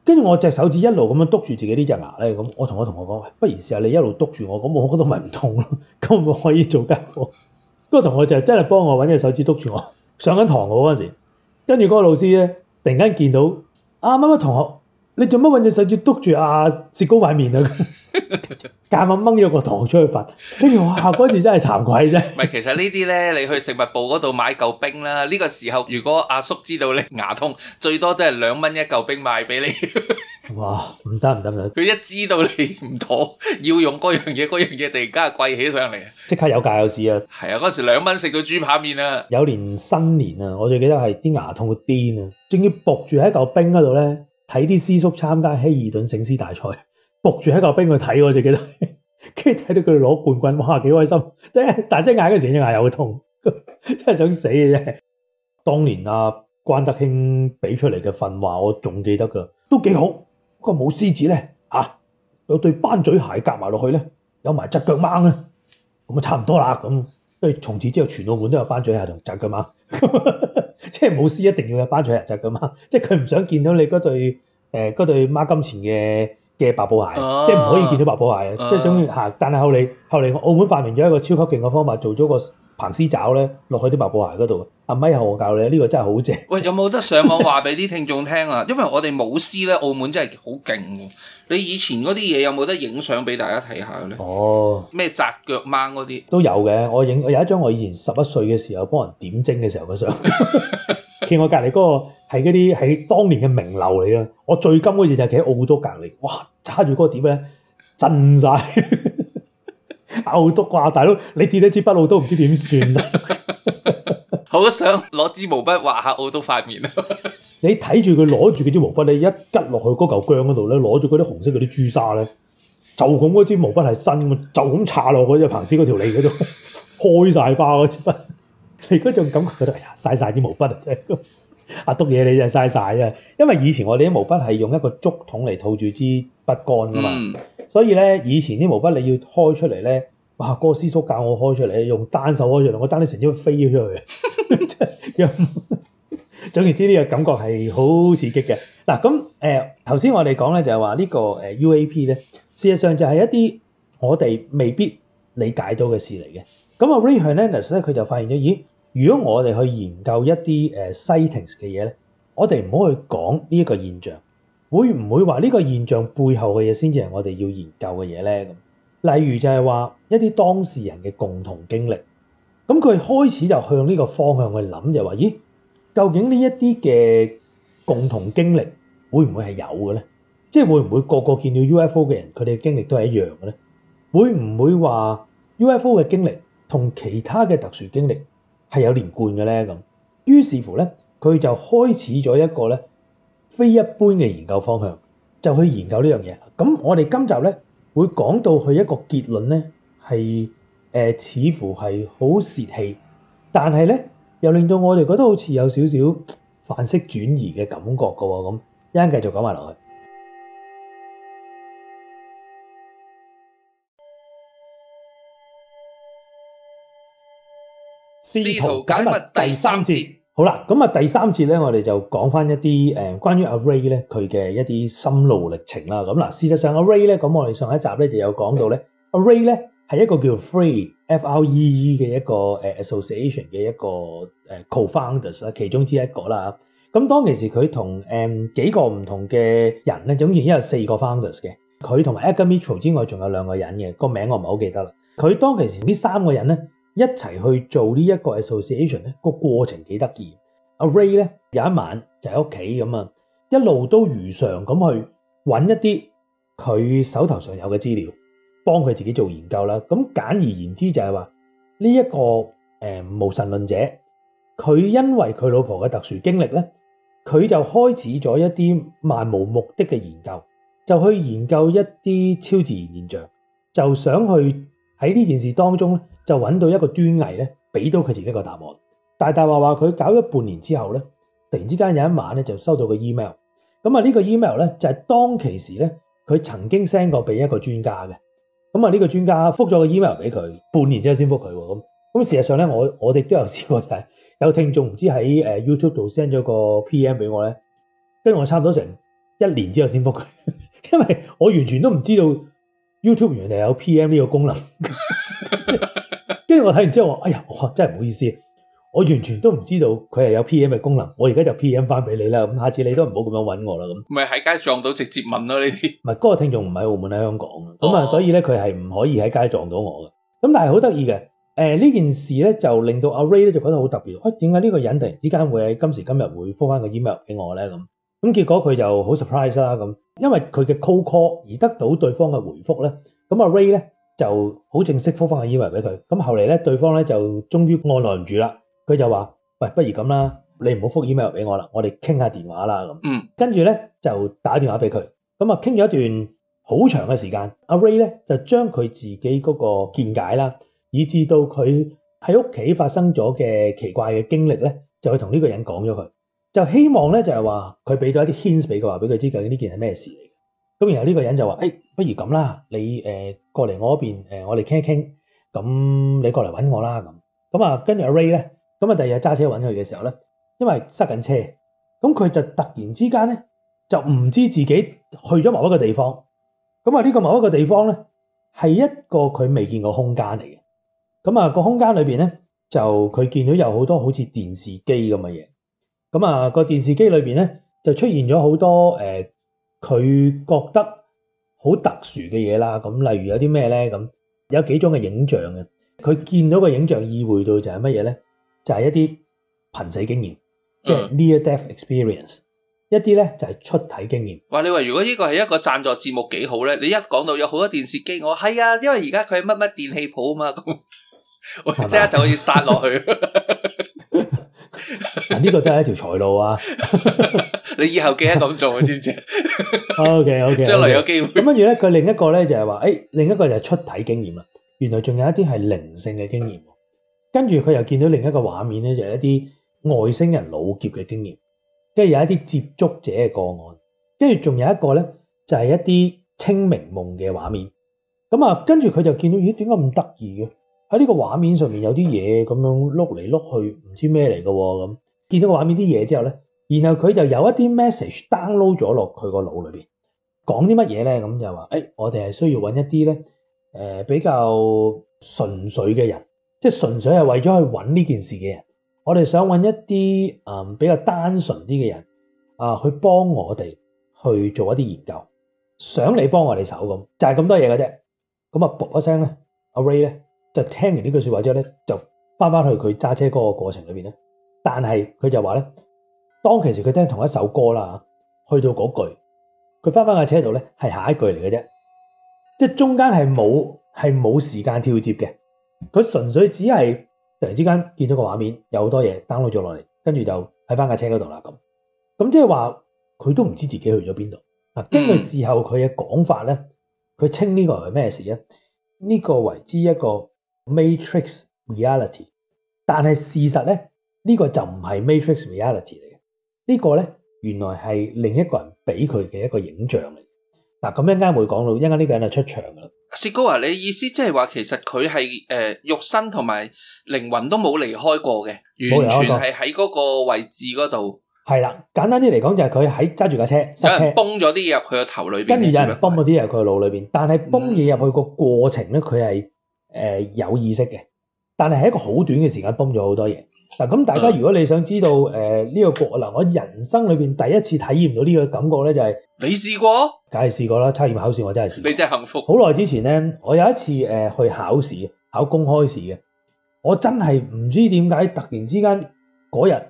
跟住我就手指一路咁樣篤住自己呢隻牙呢。咁我同我同學講，不如試下你一路篤住我，咁我覺得咪唔痛咯，咁我可以做間課。嗰個同學就真係幫我搵隻手指篤住我，上緊堂我嗰陣時，跟住嗰個老師呢，突然間見到啱啱乜同學。你做乜揾隻手指篤住阿雪糕塊面啊？夾硬掹咗個糖出去罰，哎呀嗰時真係慚愧啫！唔係，其實呢啲咧，你去食物部嗰度買嚿冰啦。呢個時候，如果阿叔知道你牙痛，最多都係兩蚊一嚿冰賣俾你。哇！唔得唔得唔得！佢一知道你唔妥，要用嗰樣嘢，嗰樣嘢，突然間係貴起上嚟，即刻有價有市啊！係啊，嗰時兩蚊食到豬扒麵啊！有年新年啊，我最記得係啲牙痛到癲啊，仲要僕住喺嚿冰嗰度咧。睇啲師叔參加希爾頓醒獅大賽，撲住喺嚿冰去睇，我就記得。跟住睇到佢哋攞冠軍，哇，幾開心！即係大聲嗌嗰時已經又會痛，真係想死嘅啫。當年阿關德興俾出嚟嘅訓話，我仲記得㗎，都幾好。不過冇獅子咧，嚇有對班嘴鞋夾埋落去咧，有埋隻腳掹。啊，咁啊差唔多啦。咁跟住從此之後，全澳門都有班嘴鞋同隻腳掹。 即係舞獅一定要有班搶人質嘅嘛，即係佢唔想見到你嗰對誒嗰、呃、對孖金錢嘅嘅白布鞋，啊、即係唔可以見到白布鞋，啊、即係總之吓。但係後嚟後嚟澳門發明咗一個超級勁嘅方法，做咗個。行屍爪咧落去啲白布鞋嗰度，阿咪又我教你，呢個真係好正。喂，有冇得上網話俾啲聽眾聽啊？ 因為我哋舞獅咧，澳門真係好勁。你以前嗰啲嘢有冇得影相俾大家睇下咧？哦，咩紮腳掹嗰啲都有嘅。我影有一張我以前十一歲嘅時候幫人點睛嘅時候嘅相， 見我隔離嗰個係嗰啲喺當年嘅名流嚟嘅。我最金嗰隻就企喺澳督隔離，哇！揸住個碟咧震晒。 敖都啩，大佬，你跌一支筆，敖都唔知點算啦。好 想攞支毛筆畫下敖都塊面啊！ 你睇住佢攞住佢支毛筆，你一吉落去嗰嚿薑嗰度咧，攞住嗰啲紅色嗰啲朱砂咧，就咁嗰支毛筆係新咁，就咁插落去。只彭師嗰條脷嗰度，開晒包支筆。 你嗰種感覺覺得哎呀，晒晒啲毛筆啊，真係。阿督嘢你真係晒晒啊，因為以前我哋啲毛筆係用一個竹筒嚟套住支筆杆噶嘛、嗯，所以咧以前啲毛筆你要開出嚟咧。哇！哥、那個、師叔教我開出嚟，用單手開出嚟，我單手成隻飛咗出去。 總言之，呢個感覺係好刺激嘅。嗱咁誒，頭、呃、先我哋講咧就係話呢個 UAP 咧，事實上就係一啲我哋未必理解到嘅事嚟嘅。咁啊，Ray Hernandez 咧佢就發現咗，咦？如果我哋去研究一啲誒 sightings 嘅嘢咧，我哋唔好去講呢一個現象，會唔會話呢個現象背後嘅嘢先至係我哋要研究嘅嘢咧？例如就係話一啲當事人嘅共同經歷，咁佢開始就向呢個方向去諗，就話：「咦，究竟呢一啲嘅共同經歷會唔會係有嘅呢？即係會唔會個個見到 UFO 嘅人，佢哋嘅經歷都係一樣嘅呢？會唔會話 UFO 嘅經歷同其他嘅特殊經歷係有連貫嘅呢？」咁於是乎呢，佢就開始咗一個呢非一般嘅研究方向，就去研究呢樣嘢。咁我哋今集呢，會講到佢一個結論咧，係、呃、似乎係好泄氣，但係呢又令到我哋覺得好似有少少範式轉移嘅感覺喎，咁一陣繼續講埋落去。試圖解密第三節好啦，咁啊，第三節咧，我哋就講翻一啲誒，關於阿 Ray 咧，佢嘅一啲心路歷程啦。咁嗱，事實上阿 Ray 咧，咁我哋上一集咧就有講到咧，阿 Ray 咧係一個叫 Free F R E E 嘅一個誒 Association 嘅一個誒 Co-founders 啦，其中之一個啦。咁當其時佢同誒幾個唔同嘅人咧，總然之有四個 Founders 嘅，佢同埋 Edgar Mitchell 之外，仲有兩個人嘅，個名我唔係好記得啦。佢當其時呢三個人咧。一齊去做呢一個 association 咧，個過程幾得意。阿 Ray 咧有一晚就喺屋企咁啊，一路都如常咁去揾一啲佢手頭上有嘅資料，幫佢自己做研究啦。咁簡而言之就係話呢一個誒無神論者，佢因為佢老婆嘅特殊經歷咧，佢就開始咗一啲漫無目的嘅研究，就去研究一啲超自然現象，就想去喺呢件事當中咧，就揾到一個端倪咧，俾到佢自己一個答案。大大話話佢搞咗半年之後咧，突然之間有一晚咧就收到個 email。咁啊呢個 email 咧就係當其時咧佢曾經 send 過俾一個專家嘅。咁啊呢個專家覆咗個 email 俾佢，半年之後先覆佢喎。咁咁事實上咧，我我哋都有試過就係有聽眾唔知喺誒 YouTube 度 send 咗個 PM 俾我咧，跟住我差唔多成一年之後先覆佢，因為我完全都唔知道 YouTube 原來有 PM 呢個功能。 跟住我睇完之後，我哎呀，我、哦、真係唔好意思，我完全都唔知道佢係有 P.M. 嘅功能，我而家就 P.M. 翻俾你啦。咁下次你都唔好咁樣揾我啦。咁唔係喺街撞到直接問咯呢啲。唔嗰、嗰個聽眾唔喺澳門，喺香港咁啊、哦，所以咧佢係唔可以喺街撞到我嘅。咁但係好得意嘅，呢、呃、件事咧就令到阿 Ray 咧就覺得好特別。啊、哎，點解呢個人突然之間會喺今時今日會覆返個 email 俾我咧？咁咁結果佢就好 surprise 啦。咁因為佢嘅 call call 而得到對方嘅回覆咧，咁阿 Ray 咧。就好正式覆返個 email 俾佢，咁後嚟咧，對方咧就終於按捺唔住啦，佢就話：「喂，不如咁啦，你唔好覆 email 俾我啦，我哋傾下電話啦咁。」嗯，跟住咧就打電話俾佢，咁啊傾咗一段好長嘅時間，阿、啊、Ray 咧就將佢自己嗰個見解啦，以至到佢喺屋企發生咗嘅奇怪嘅經歷咧，就去同呢個人講咗佢，就希望咧就係話佢俾咗一啲 hints 俾佢，話俾佢知究竟呢件係咩事。咁然後呢個人就話：誒、哎，不如咁啦，你誒、呃、過嚟我嗰邊、呃、我哋傾一傾。咁、嗯、你過嚟揾我啦。咁咁啊，跟住阿 Ray 咧，咁啊，第二日揸車揾佢嘅時候咧，因為塞緊車，咁佢就突然之間咧，就唔知自己去咗某一個地方。咁啊，呢個某一個地方咧，係一個佢未見過空間嚟嘅。咁啊，個空間裏邊咧，就佢見到有好多好似電視機咁嘅嘢。咁啊，個電視機裏邊咧，就出現咗好多誒。呃佢覺得好特殊嘅嘢啦，咁例如有啲咩咧？咁有幾種嘅影像嘅，佢見到個影像意會到就係乜嘢咧？就係、是、一啲瀕死經驗，即、就、係、是、near death experience、嗯。一啲咧就係出體經驗。話你話如果呢個係一個贊助節目幾好咧？你一講到有好多電視機，我係啊，因為而家佢係乜乜電器鋪啊嘛，咁我即刻就可以殺落去。 呢個都係一條財路啊！ 你以後記得咁做， 知唔知？O K O K，將來有機會。咁跟住咧，佢另一個咧就係話，誒，另一個就係出體經驗啦。原來仲有一啲係靈性嘅經驗。跟住佢又見到另一個畫面咧，就係一啲外星人擄劫嘅經驗，跟住有一啲接觸者嘅個案，跟住仲有一個咧就係一啲清明夢嘅畫面。咁啊，跟住佢就見到，咦？點解咁得意嘅？喺呢個畫面上面有啲嘢咁樣碌嚟碌去，唔知咩嚟嘅咁。見到個畫面啲嘢之後咧，然後佢就有一啲 message download 咗落佢個腦裏邊，講啲乜嘢咧？咁就話，誒、哎，我哋係需要揾一啲咧、呃，比較純粹嘅人，即係純粹係為咗去揾呢件事嘅人。我哋想揾一啲誒、呃、比較單純啲嘅人啊，去幫我哋去做一啲研究，想你幫我哋手咁，就係、是、咁多嘢嘅啫。咁啊，卜一聲咧，Rey 咧。就聽完呢句說話之後呢，就返返去佢揸車嗰個過程裏面，但係佢就話呢，當其時佢聽同一首歌啦，去到嗰句，佢翻翻架車度呢，係下一句嚟嘅啫，即係中間係冇係冇時間跳接嘅。佢純粹只係突然之間見到個畫面，有好多嘢 download 咗落嚟，跟住就喺翻架車嗰度啦。咁咁即係話佢都唔知自己去咗邊度。嗱、嗯，咁事後佢嘅講法呢，佢稱呢個係咩事呢？呢、呢個為之一個。Matrix reality，但係事實咧呢、呢個就唔係 Matrix reality 嚟嘅，呢個、呢個咧原來係另一個人俾佢嘅一個影像嚟。嗱、啊，咁一陣間會講到，一陣間呢個人就出場噶啦。薛哥啊，你意思即係話其實佢係誒肉身同埋靈魂都冇離開過嘅，完全係喺嗰個位置嗰度。係啦，簡單啲嚟講就係佢喺揸住架車，有人崩咗啲嘢入佢個頭裏邊，跟住有人崩咗啲嘢入佢個腦裏邊，但係崩嘢入去個過程咧，佢係、嗯。誒、呃、有意識嘅，但係喺一個好短嘅時間崩咗好多嘢。嗱咁，大家如果你想知道誒呢、呃這個國能、呃，我人生裏面第一次體驗到呢個感覺咧，就係、是、你試過？梗係試過啦。測驗考試我真係試過，你真係幸福。好耐之前咧，我有一次、呃、去考試，考公開試嘅，我真係唔知點解突然之間嗰日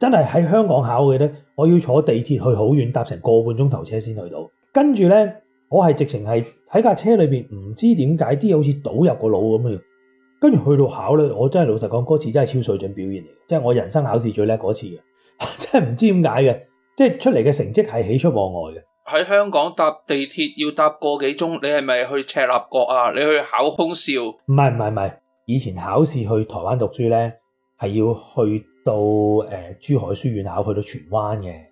真係喺香港考嘅咧，我要坐地鐵去好遠，搭成個半鐘頭車先去到，跟住咧。我係直情係喺架車裏面，唔知點解啲好似倒入個腦咁樣。跟住去到考呢，我真係老實講，嗰次真係超水準表現嚟，即係我人生考試最叻嗰次嘅， 真係唔知點解嘅，即係出嚟嘅成績係喜出望外嘅。喺香港搭地鐵要搭個幾鐘，你係咪去赤鱲角啊？你去考空少？唔係唔係唔係，以前考試去台灣讀書咧，係要去到、呃、珠海書院考，去到荃灣嘅。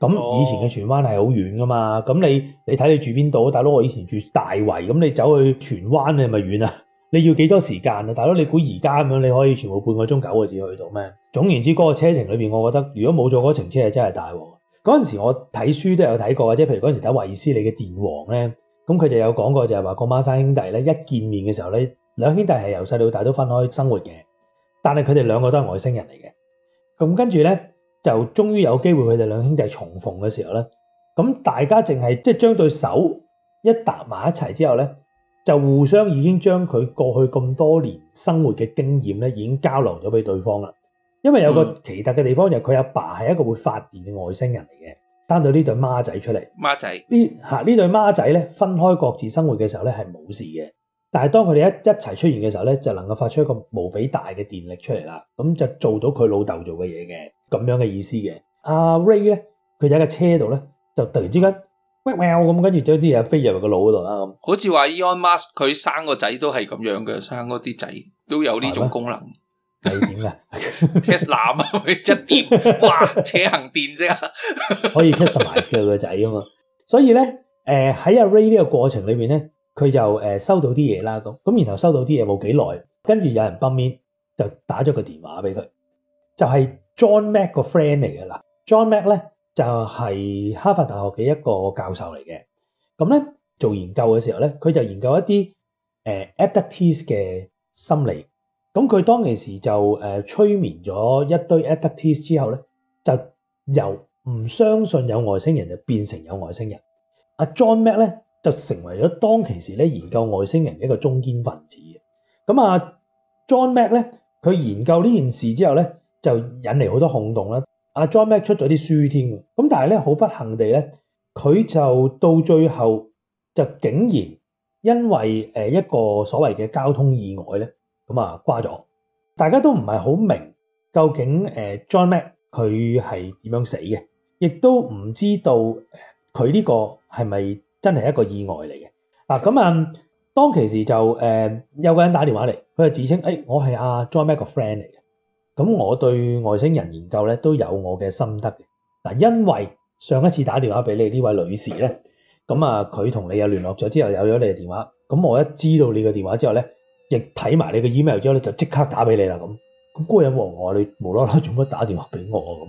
咁以前嘅荃灣係好遠噶嘛？咁你你睇你住邊度？大佬我以前住大圍，咁你走去荃灣，你係咪遠啊？你要幾多時間啊？大佬你估而家咁樣你可以全部半個鐘九個字去到咩？總言之，嗰個車程裏面我覺得如果冇咗嗰程車係真係大鑊。嗰陣時我睇書都有睇過嘅，即係譬如嗰陣時睇衛斯理嘅《電王》咧，咁佢就有講過就係話個孖生兄弟咧一見面嘅時候咧，兩兄弟係由細到大都分開生活嘅，但係佢哋兩個都係外星人嚟嘅。咁跟住咧。就終於有機會佢哋兩兄弟重逢嘅時候呢，噉大家淨係、即係、將對將對手一搭埋一齊之後呢，就互相已經將佢過去咁多年生活嘅經驗呢已經交流咗俾對方啦。因為有個奇特嘅地方就係佢阿爸係一個會發電嘅外星人嚟嘅，單到呢對孖仔出嚟。孖仔呢對對孖仔分開各自生活嘅時候呢係冇事嘅，但係當佢哋一一齊出現嘅時候呢，就能夠發出一個無比大嘅電力出嚟啦。噉就做到佢老豆做嘅嘢嘅。咁樣嘅意思嘅，阿、啊、Ray 咧，佢就喺個車度咧，就突然之間，喂，喵咁，跟住將啲嘢飛入個腦度啦，咁。好似話 Eon Mask，佢生個仔都係咁樣嘅，生嗰啲仔都有呢種功能，係點嘅？Tesla 啊，一 電樣， Tesla, 哇，車行電啫， 可以 customize 嘅個仔啊嘛。所以咧，誒喺阿 Ray 呢個過程裏面咧，佢就誒、呃、收到啲嘢啦，咁咁，然後收到啲嘢冇幾耐，跟住有人 b 面，就打咗個電話俾佢，就係、是。John Mac 個 friend 嚟嘅喇。John Mac 咧就係哈佛大學嘅一個教授嚟嘅。咁咧做研究嘅時候咧，佢就研究一啲誒 abductees 嘅心理。咁佢當其時就催眠咗一堆 abductees 之後咧，就由唔相信有外星人就變成有外星人、啊。阿 John Mac 咧就成為咗當其時咧研究外星人嘅一個中堅分子嘅。咁啊，John Mac 咧佢研究呢件事之後咧，就引嚟好多轟動啦。阿 John Mack 出咗啲書添嘅，咁但係咧好不幸地咧，佢就到最後就竟然因為一個所謂嘅交通意外咧，咁啊瓜咗。大家都唔係好明究竟 John Mack 佢係點樣死嘅，亦都唔知道佢呢個係咪真係一個意外嚟嘅。嗱，咁啊，當其時就誒有個人打電話嚟，佢就自稱誒、哎、我係阿 John Mack 個 friend 嚟嘅。咁我對外星人研究呢都有我嘅心得嘅嗱，因為上一次打電話俾你呢位女士呢，咁啊佢同你又聯絡咗之後，有咗你嘅電話，咁我一知道你嘅電話之後呢，亦睇埋你嘅 email 之後咧，就即刻打俾你啦。咁咁嗰個人話：，我你無啦啦，仲乜打電話俾我啊？咁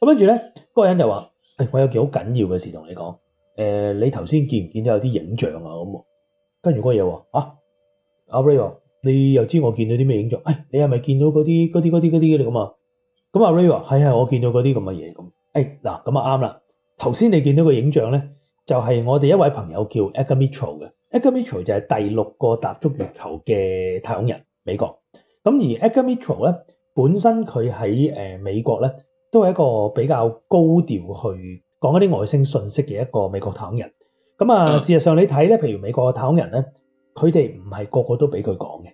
咁跟住呢，嗰個人就話：，我有件好緊要嘅事同你講，你頭先見唔見到有啲影像啊？咁跟住嗰個人話：，啊，阿 Ray 喎。啊啊啊啊啊你又知我見到啲咩影像？誒、哎，你係咪見到嗰啲嗰啲嗰啲嗰啲嘅咁啊？咁阿 Ray 話：係係，我見到嗰啲咁嘅嘢。咁、哎、嗱，咁啊啱啦。頭先你見到個影像咧，就係、是、我哋一位朋友叫 Edgar Mitchell 嘅。Edgar Mitchell 就係第六個踏足月球嘅太空人，美國。咁而 Edgar Mitchell 咧，本身佢喺美國咧，都係一個比較高調去講一啲外星信息嘅一個美國太空人。咁啊、嗯，事實上你睇咧，譬如美國嘅太空人咧。佢哋唔係個個都俾佢講嘅，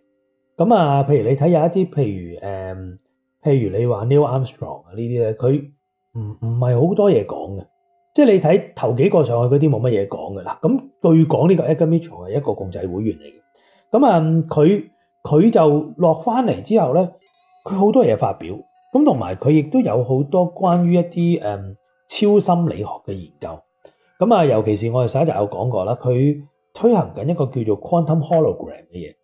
咁啊，譬如你睇有一啲，譬如誒、嗯，譬如你話 Neil Armstrong 啊呢啲咧，佢唔唔係好多嘢講嘅，即係你睇頭幾個上去嗰啲冇乜嘢講嘅啦。咁據講呢個 Edgar Mitchell 係一個共濟會員嚟嘅，咁啊佢佢就落翻嚟之後咧，佢好多嘢發表，咁同埋佢亦都有好多關於一啲誒、嗯、超心理學嘅研究，咁啊，尤其是我哋上一集有講過啦，佢。推行緊一個叫做 quantum hologram 嘅嘢，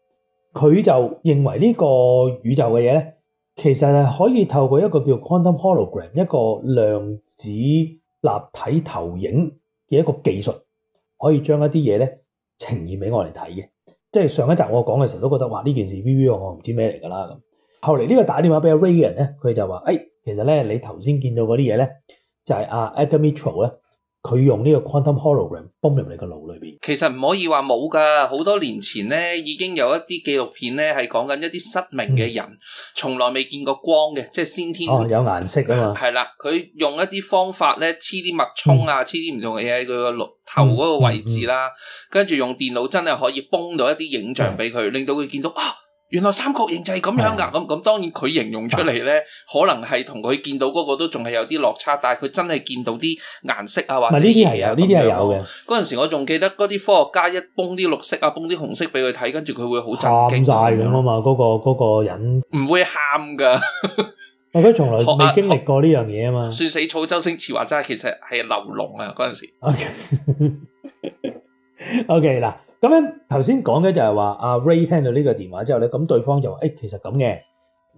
佢就認為呢個宇宙嘅嘢咧，其實係可以透過一個叫做 quantum hologram 一個量子立體投影嘅一個技術，可以將一啲嘢咧，呈現俾我哋睇嘅。即係上一集我講嘅時候都覺得話呢件事 V V 我唔知咩嚟㗎啦咁。後嚟呢個打電話俾阿 Ray 嘅人咧，佢就話，誒，其實咧你頭先見到嗰啲嘢咧，就係阿 Edgar Mitchell 咧。佢用呢個 quantum hologram 泵入你個腦裏面。其實唔可以話冇㗎。好多年前咧，已經有一啲紀錄片咧係講緊一啲失明嘅人，從、嗯、來未見過光嘅，即係先天哦有顏色㗎嘛。係啦，佢用一啲方法咧，黐啲脈沖啊，黐啲唔同嘅嘢喺佢個腦頭嗰個位置啦、嗯嗯嗯，跟住用電腦真係可以泵到一啲影像俾佢、嗯，令到佢見到啊。原來三角形就係咁樣噶、啊，咁咁當然佢形容出嚟咧，可能係同佢見到嗰個都仲係有啲落差，但係佢真係見到啲顏色啊，或者呢啲、啊、有，呢啲樣、啊、係有嘅。嗰陣時我仲記得嗰啲科學家一崩啲綠色啊，崩啲紅色俾佢睇，跟住佢會好震驚曬咁啊哭哭嘛。嗰、嗰個嗰、嗰個人唔會喊噶，我覺得從來未經歷過呢樣嘢啊、呢個、嘛。算死草，周星馳話齋其實係流龍啊嗰陣時。Okay. OK 啦。咁咧，頭先講嘅就係話阿 Ray 聽到呢個電話之後咧，咁對方就話：「哎，其實咁嘅，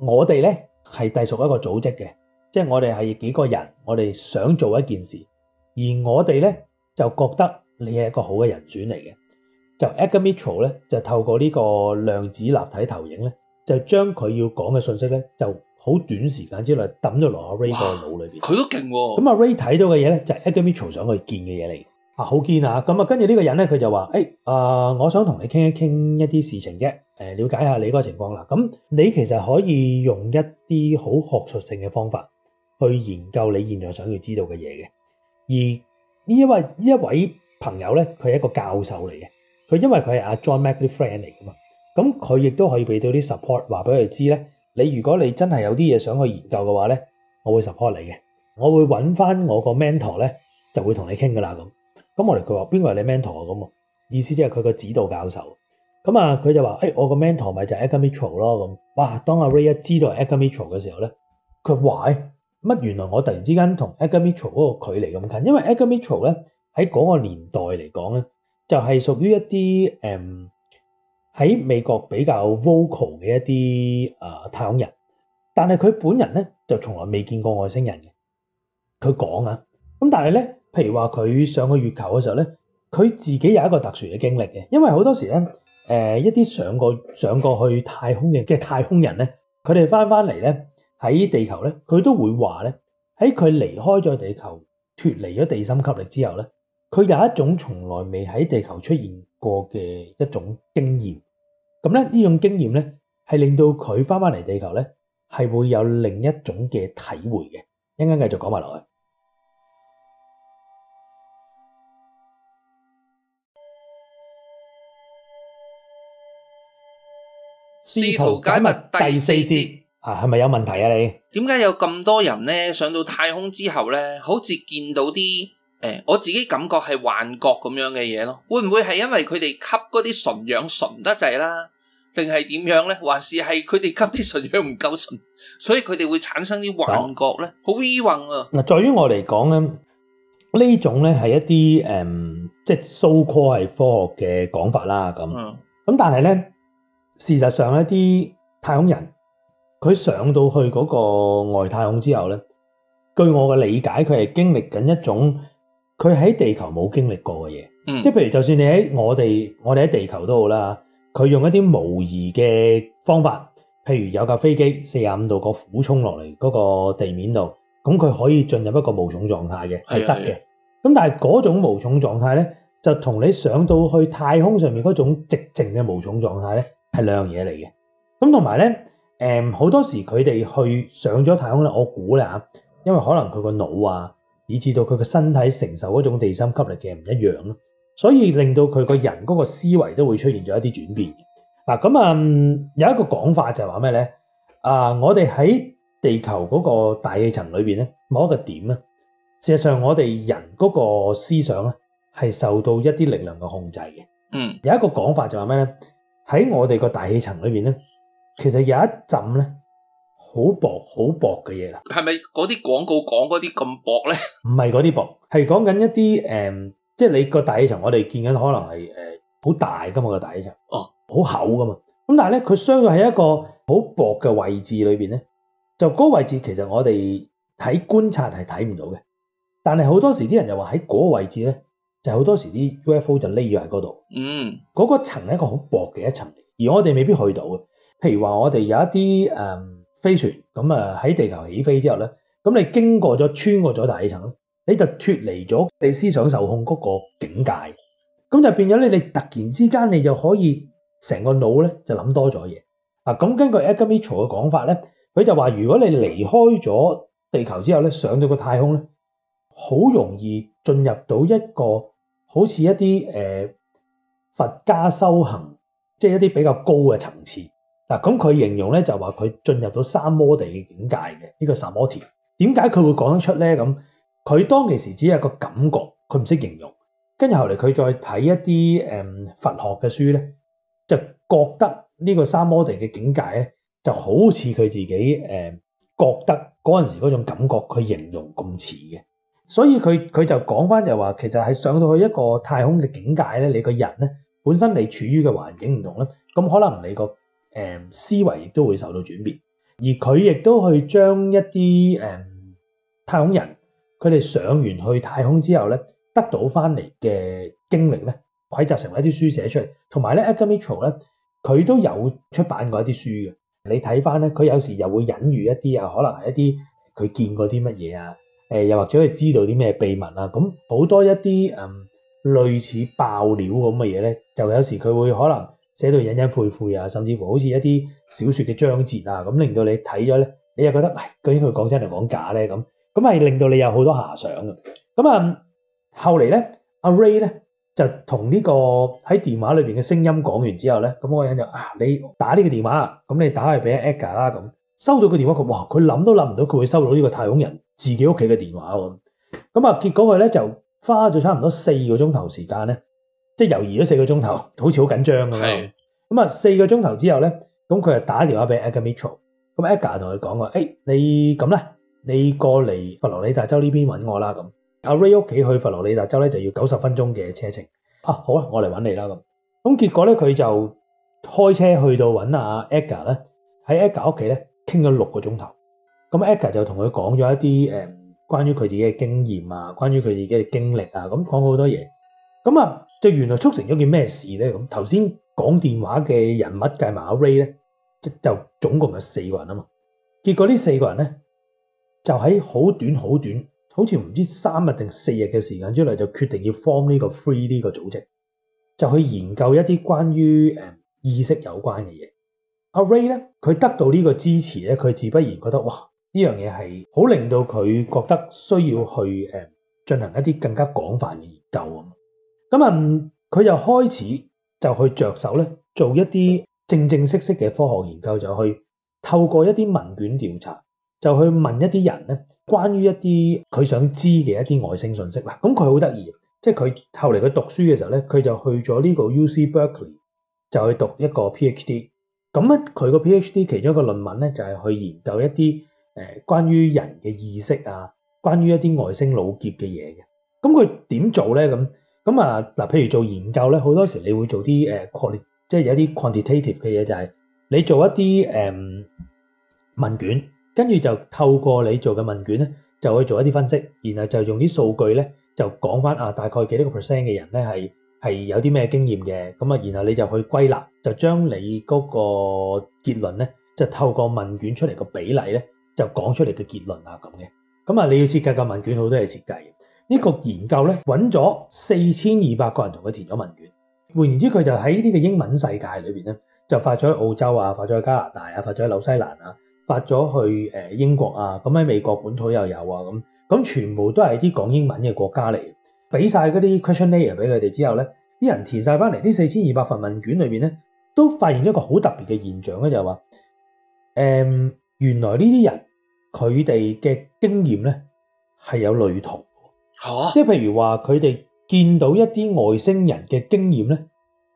我哋咧係隸屬一個組織嘅，即係我哋係幾個人，我哋想做一件事，而我哋咧就覺得你係一個好嘅人選嚟嘅，就 Agamitro 咧就透過呢個量子立體投影咧，就將佢要講嘅信息咧，就好短時間之內抌咗落阿 Ray 個腦裏面。佢都勁喎。咁阿 Ray 睇到嘅嘢咧，就係 Agamitro 想去見嘅嘢嚟。啊，好堅啊！咁啊，跟住呢個人咧，佢就話：，誒、哎，啊、呃，我想同你傾一傾一啲事情嘅，誒，瞭解一下你嗰個情況啦。咁你其實可以用一啲好學術性嘅方法去研究你現在想要知道嘅嘢嘅。而呢一位呢一位朋友咧，佢係一個教授嚟嘅，佢因為佢係阿 John Mack friend 嚟嘅嘛，咁佢亦都可以俾到啲 support，話俾佢知咧，你如果你真係有啲嘢想去研究嘅話咧，我會 support 你嘅，我會揾翻我個 mentor 咧，就會同你傾噶啦咁。咁我哋佢話邊個係你 mentor 啊？咁意思即係佢個指導教授。咁啊，佢、哎、就話：，誒我個 mentor 咪就係 Edgar Mitchell 咯。咁，哇！當阿 Ray 一知道 Edgar Mitchell 嘅時候咧，佢話：，乜原來我突然之間同 Edgar Mitchell 嗰個距離咁近？因為 Edgar Mitchell 呢，咧喺嗰個年代嚟講咧，就係屬於一啲誒喺美國比較 vocal 嘅一啲啊太空人。但係佢本人咧就從來未見過外星人嘅。佢講啊，咁但係咧。譬如話佢上個月球嘅時候咧，佢自己有一個特殊嘅經歷嘅，因為好多時咧，誒、呃、一啲上過上過去太空嘅即係太空人咧，佢哋翻翻嚟咧喺地球咧，佢都會話咧喺佢離開咗地球，脫離咗地心吸力之後咧，佢有一種從來未喺地球出現過嘅一種經驗，咁咧呢種經驗咧係令到佢翻翻嚟地球咧係會有另一種嘅體會嘅，一陣間繼續講埋落去。試圖解密第四節啊，係咪有問題啊？你點解有咁多人咧上到太空之後咧，好似見到啲誒，我自己感覺係幻覺咁樣嘅嘢咯？會唔會係因為佢哋吸嗰啲純氧純得滯啦，定係點樣咧？還是係佢哋吸啲純氧唔夠純，所以佢哋會產生啲幻覺咧？好疑惑啊！嗱，在於我嚟講咧，呢種咧係一啲誒，即係 so call 係科學嘅講法啦。咁咁，但係咧。事實上，一啲太空人佢上到去嗰個外太空之後咧，據我嘅理解，佢係經歷緊一種佢喺地球冇經歷過嘅嘢。即、嗯、係譬如，就算你喺我哋，我哋喺地球都好啦，佢用一啲模擬嘅方法，譬如有架飛機四十五度個俯衝落嚟嗰個地面度，咁佢可以進入一個無重狀態嘅，係得嘅。咁但係嗰種無重狀態咧，就同你上到去太空上面嗰種直靜嘅無重狀態咧。係兩樣嘢嚟嘅，咁同埋咧，誒，好多時佢哋去上咗太空咧，我估啦吓，因為可能佢個腦啊，以至到佢個身體承受嗰種地心吸力嘅唔一樣咯，所以令到佢個人嗰個思維都會出現咗一啲轉變。嗱，咁啊，有一個講法就話咩咧？啊，我哋喺地球嗰個大氣層裏邊咧，某一個點啊，事實上我哋人嗰個思想咧係受到一啲力量嘅控制嘅。嗯，有一個講法就話咩咧？啊喺我哋個大氣層裏面呢，其實有一浸呢，好薄、好薄嘅嘢啦。係咪嗰啲廣告講嗰啲咁薄呢？唔係，嗰啲薄，係講緊一啲誒，即、呃、係、就是、你個大氣層，我哋見緊可能係誒好大㗎嘛、個大氣層。哦，好厚㗎嘛。咁但係呢，佢相對喺一個好薄嘅位置裏面呢，就嗰個位置其實我哋喺觀察係睇唔到嘅。但係好多時啲人又話喺嗰個位置呢。就好多時啲 UFO 就匿咗喺嗰度，嗯，嗰個層係一個好薄嘅一層，而我哋未必去到嘅。譬如話我哋有一啲誒飛船咁啊，喺地球起飛之後咧，咁你經過咗穿過咗大氣層，你就脫離咗你思想受控嗰個境界，咁就變咗你，你突然之間你就可以成個腦咧就諗多咗嘢。咁根據 Edgar Mitchell 嘅講法咧，佢就話如果你離開咗地球之後咧，上到個太空咧，好容易進入到一個。好似一啲、呃、佛家修行，即、就、係、是、一啲比較高嘅層次咁佢、啊、形容呢，就話佢進入到三摩地嘅境界嘅，呢、這個三摩地。點解佢會講得出呢？咁佢當其時只係個感覺，佢唔識形容。跟住後嚟佢再睇一啲、呃、佛學嘅書呢，就覺得呢個三摩地嘅境界呢，就好似佢自己誒、呃、覺得嗰陣時嗰種感覺，佢形容咁似嘅。所以佢佢就講返就話，其實係上到去一個太空嘅境界咧，你個人咧本身你處於嘅環境唔同咧，咁可能你個思維亦都會受到轉變。而佢亦都去將一啲誒太空人佢哋上完去太空之後咧，得到返嚟嘅經歷咧，匯集成為一啲書寫出嚟。同埋呢，Edgar Mitchell 呢，佢都有出版過一啲書嘅。你睇返，呢佢有時又會隱喻一啲啊，可能係一啲佢見過啲乜嘢。誒又或者係知道啲咩秘密啊？咁好多一啲嗯類似爆料咁嘅嘢咧，就有時佢會可能寫到隱隱晦晦啊，甚至乎好似一啲小說嘅章節啊，咁令到你睇咗咧，你又覺得喂，究竟佢講真定講假咧？咁咁係令到你有好多遐想咯。咁啊、嗯，後嚟咧，阿 Rey 咧就同呢個喺電話裏面嘅聲音講完之後咧，咁、那、嗰個人就啊，你打呢個電話，咁你打去俾 Edgar 啦。咁收到個電話佢，哇！佢諗都諗唔到佢會收到呢個太空人。自己屋企嘅電話喎，咁啊，結果佢咧就花咗差唔多四個鐘頭時間咧，即係猶豫咗四個鐘頭，好似好緊張咁。咁啊，四個鐘頭之後咧，咁佢就打電話俾 Edgar Mitchell，咁 Edgar 同佢講話：誒，你咁咧，你過嚟佛羅里達州呢邊揾我啦。咁阿 Ray 屋企去佛羅里達州咧，就要九十分鐘嘅車程。啊，好啦，我嚟揾你啦。咁咁結果咧，佢就開車去到揾阿 Edgar 咧，喺 Edgar 屋企咧傾咗六個鐘頭。咁 Edgar 就同佢講咗一啲誒，關於佢自己嘅經驗啊，關於佢自己嘅經歷啊，咁講好多嘢。咁啊，就原來促成咗件咩事呢？咁頭先講電話嘅人物計埋阿 Ray 呢，即就總共有四個人吖嘛。結果呢四個人呢，就喺好短好短，好似唔知三日定四日嘅時間之內，就決定要 form 呢個 Free 呢個組織，就去研究一啲關於意識有關嘅嘢。阿 Ray 呢，佢得到呢個支持呢，佢自不然覺得嘩！哇」呢樣嘢係好令到佢覺得需要去誒進行一啲更加廣泛嘅研究啊！咁啊，佢又開始就去着手咧做一啲正正式式嘅科學研究，就去透過一啲問卷調查，就去問一啲人咧關於一啲佢想知嘅一啲外星信息啦。咁佢好得意，即係佢後嚟佢讀書嘅時候咧，佢就去咗呢個 UC Berkeley 就去讀一個 PhD。咁咧佢個 PhD 其中一個論文咧就係去研究一啲，誒，關於人嘅意識啊，關於一啲外星老劫嘅嘢嘅，咁佢點做咧？咁咁啊，嗱，譬如做研究咧，好多時你會做啲誒即係有一啲 quantitative 嘅嘢，就係你做一啲誒問卷，跟住就透過你做嘅問卷咧，就去做一啲分析，然後就用啲數據咧，就講翻啊，大概幾多個 percent 嘅人咧係係有啲咩經驗嘅，咁啊，然後你就去歸納，就將你嗰個結論咧，就透過問卷出嚟個比例咧，就講出嚟嘅結論啊咁嘅，咁啊你要設計個問卷好多嘢設計。呢個研究咧揾咗四千二百個人同佢填咗問卷。換言之，佢就喺呢個英文世界裏面咧，就發咗去澳洲啊，發咗去加拿大啊，發咗去紐西蘭啊，發咗去英國啊，咁喺美國本土又有啊咁，咁全部都係啲講英文嘅國家嚟。俾晒嗰啲 questionnaire 俾佢哋之後咧，啲人填晒翻嚟，呢四千二百份問卷裏面咧，都發現一個好特別嘅現象咧，就係話誒原來呢啲人佢哋嘅經驗咧係有類同喎、啊。即係譬如話佢哋見到一啲外星人嘅經驗咧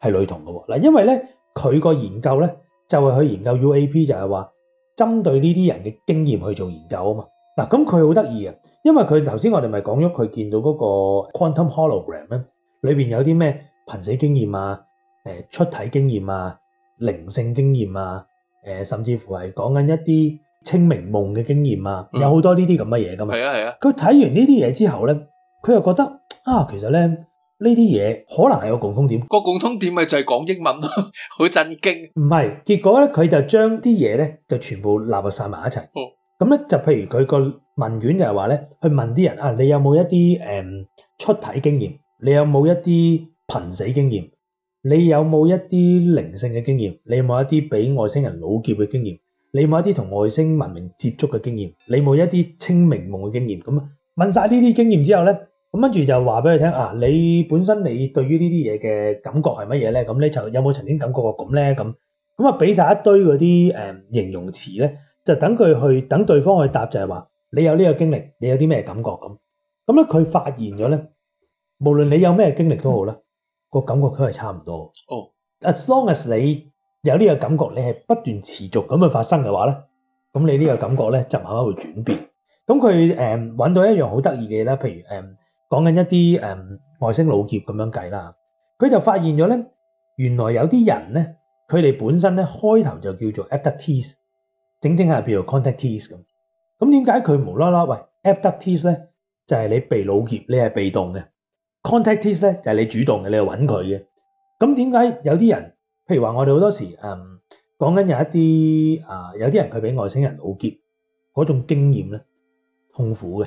係類同嘅嗱，因為咧佢個研究咧就係去研究 UAP，就係話針對呢啲人嘅經驗去做研究啊嘛嗱，咁佢好得意呀，因為佢頭先我哋咪講咗佢見到嗰個 quantum hologram 咧，裏邊有啲咩瀕死經驗啊、誒出體經驗啊、靈性經驗啊。誒、呃，甚至乎係講緊一啲清明夢嘅經驗啊，嗯、有好多呢啲咁嘅嘢噶嘛。係啊係啊。佢睇、啊、完呢啲嘢之後咧，佢又覺得啊，其實咧呢啲嘢可能係有共通點。個共通點咪就係講英文咯，好 震驚。唔係，結果咧佢就將啲嘢咧就全部納入晒埋一齊。嗯。咁咧就譬如佢個問卷就係話咧，去問啲人啊，你有冇一啲誒、嗯、出體經驗？你有冇一啲瀕死經驗？你有沒有一些靈性的經驗？你有冇一些被外星人擄劫的經驗？你有冇一些和外星文明接觸的經驗？你有沒有一些清明夢的經驗？問晒這些經驗之後咧，咁跟住就話俾他聽啊，你本身你對於呢啲嘢嘅感覺是什麼呢？你有沒有曾經感覺過這樣咁咁啊，俾晒就一堆嗰啲形容詞就等他去等對方去答，就是話你有這個經歷，你有什麼感覺咁？咁咧佢發現咗，無論你有什麼經歷都好啦。個感覺佢係差唔多哦。As long as 你有呢個感覺，你係不斷持續咁去發生嘅話咧，咁你呢個感覺咧就慢慢會轉變。咁佢誒揾到一樣好得意嘅嘢啦，譬如誒講緊一啲誒外星擄劫咁樣計啦，佢就發現咗咧，原來有啲人咧，佢哋本身咧開頭就叫做 abductees，整整係變做 contactees 咁。咁點解佢無啦啦喂 abductees 咧，就係你被擄劫，你係被動嘅。Contactee 呢就係你主動嘅，你去揾佢嘅。咁點解有啲人，譬如話我哋好多時誒講緊有一啲、啊、有啲人佢俾外星人老劫，嗰種經驗呢，痛苦嘅，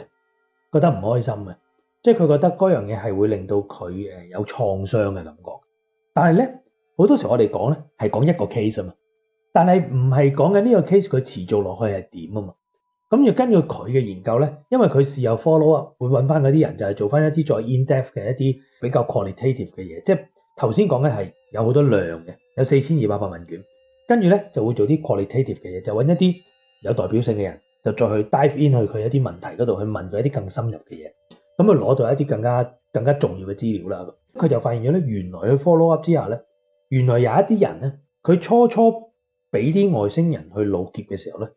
覺得唔開心嘅，即係佢覺得嗰樣嘢係會令到佢有創傷嘅感覺。但係呢，好多時我哋講呢，係講一個 case 啊嘛，但係唔係講緊呢個 case 佢持續落去係點啊嘛？咁要根據佢嘅研究咧，因為佢事後 follow up 會揾翻嗰啲人，就係做翻一啲再 in-depth 嘅一啲比較 qualitative 嘅嘢，即係頭先講嘅係有好多量嘅，有四千二百份問卷，跟住咧就會做啲 qualitative 嘅嘢，就揾一啲有代表性嘅人，就再去 dive in 去佢一啲問題嗰度去問佢一啲更深入嘅嘢，咁佢攞到一啲更加更加重要嘅資料啦。佢就發現咗咧，原來佢 follow up 之下咧，原來有一啲人咧，佢初初俾啲外星人去擄劫嘅時候咧，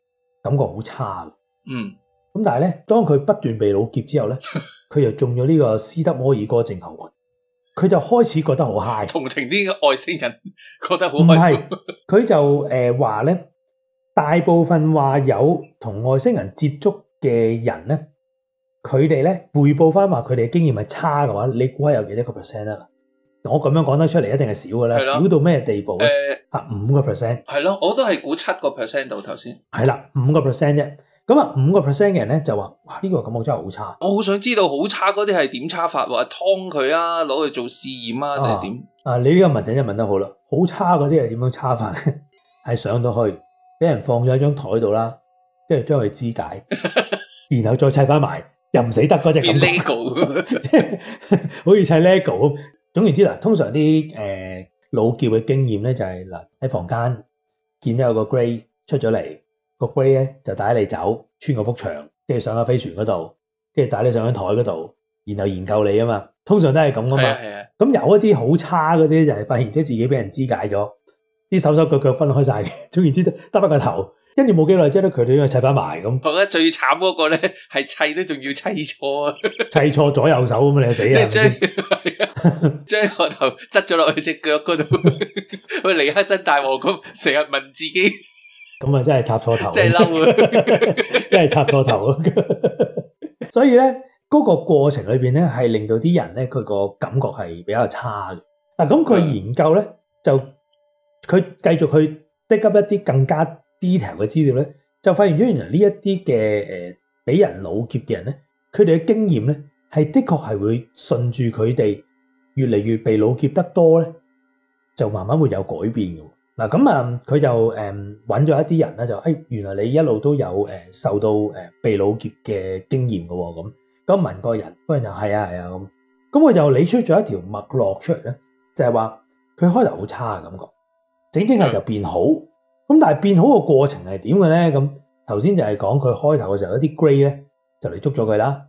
感覺好差。嗯，咁但係咧，當佢不斷被老劫之後咧，佢又中咗呢個斯德摩爾哥候群，佢就開始覺得好嗨。同情啲外星人覺得好開佢就誒話咧，大部分話有同外星人接觸嘅人咧，佢哋咧匯報翻話佢哋嘅經驗係差嘅話，你估下有幾多個 percent 我咁樣講得出嚟，一定係少嘅啦，少到咩地步？誒、欸，啊五個 percent，係咯，我都係估七個 percent 到頭先，係啦，五個 percent 啫。咁啊，五個 percent 嘅人咧就話，哇呢、這個感覺真係好差。我好想知道好差嗰啲係點差法，話劏佢啊，攞去做試驗啊，定係點？啊，你呢個問題真問得好啦，好差嗰啲係點樣差法？係、啊啊哦、 上到去俾人放咗喺張台度啦，即係將佢肢解，然後， 然後再砌翻埋，又唔死得嗰隻咁 lego 好似砌 lego 咁。總言之嗱，通常啲誒、呃、老叫嘅經驗咧就係嗱，喺房間見到有個 grey 出咗嚟。個 grey 咧就帶你走，穿個幅牆，跟住上個飛船嗰度，跟住帶你上架台嗰度，然後研究你啊嘛。通常都係咁噶嘛。係啊咁、啊、有一啲好差嗰啲就係發現咗自己俾人肢解咗，啲手手腳腳分開晒嘅。總言之，得翻個頭，跟住冇幾耐即係佢哋已砌翻埋咁。我覺得最慘嗰個咧係砌都仲要砌錯，砌錯左右手咁你死啊！即係將將個頭執咗落去隻腳嗰度，喂尼克真大王咁成日問自己。咁啊，真係插錯頭， 真係插錯頭。 所以呢，嗰個過程裏面呢，係令到啲人呢，佢個感覺係比較差嘅。咁佢研究呢，就佢繼續去搜集一啲更加 detail 嘅資料呢，就發現咗原來呢一啲嘅誒，俾人老劫嘅人呢，佢哋嘅經驗呢，係的確係會順住佢哋越嚟越被老劫得多呢，就慢慢會有改變的嗱咁啊，佢就誒揾咗一啲人咧，就誒原來你一路都有誒受到誒被擄劫嘅經驗噶喎，咁咁問個人，嗰人就係啊係啊咁，咁佢就理出咗一條脈絡出嚟咧，就係話佢開頭好差嘅感覺，整整下就變好，咁但係變好嘅過程係點嘅咧？咁頭先就係講佢開頭嘅時候一啲 grey 咧就嚟捉咗佢啦，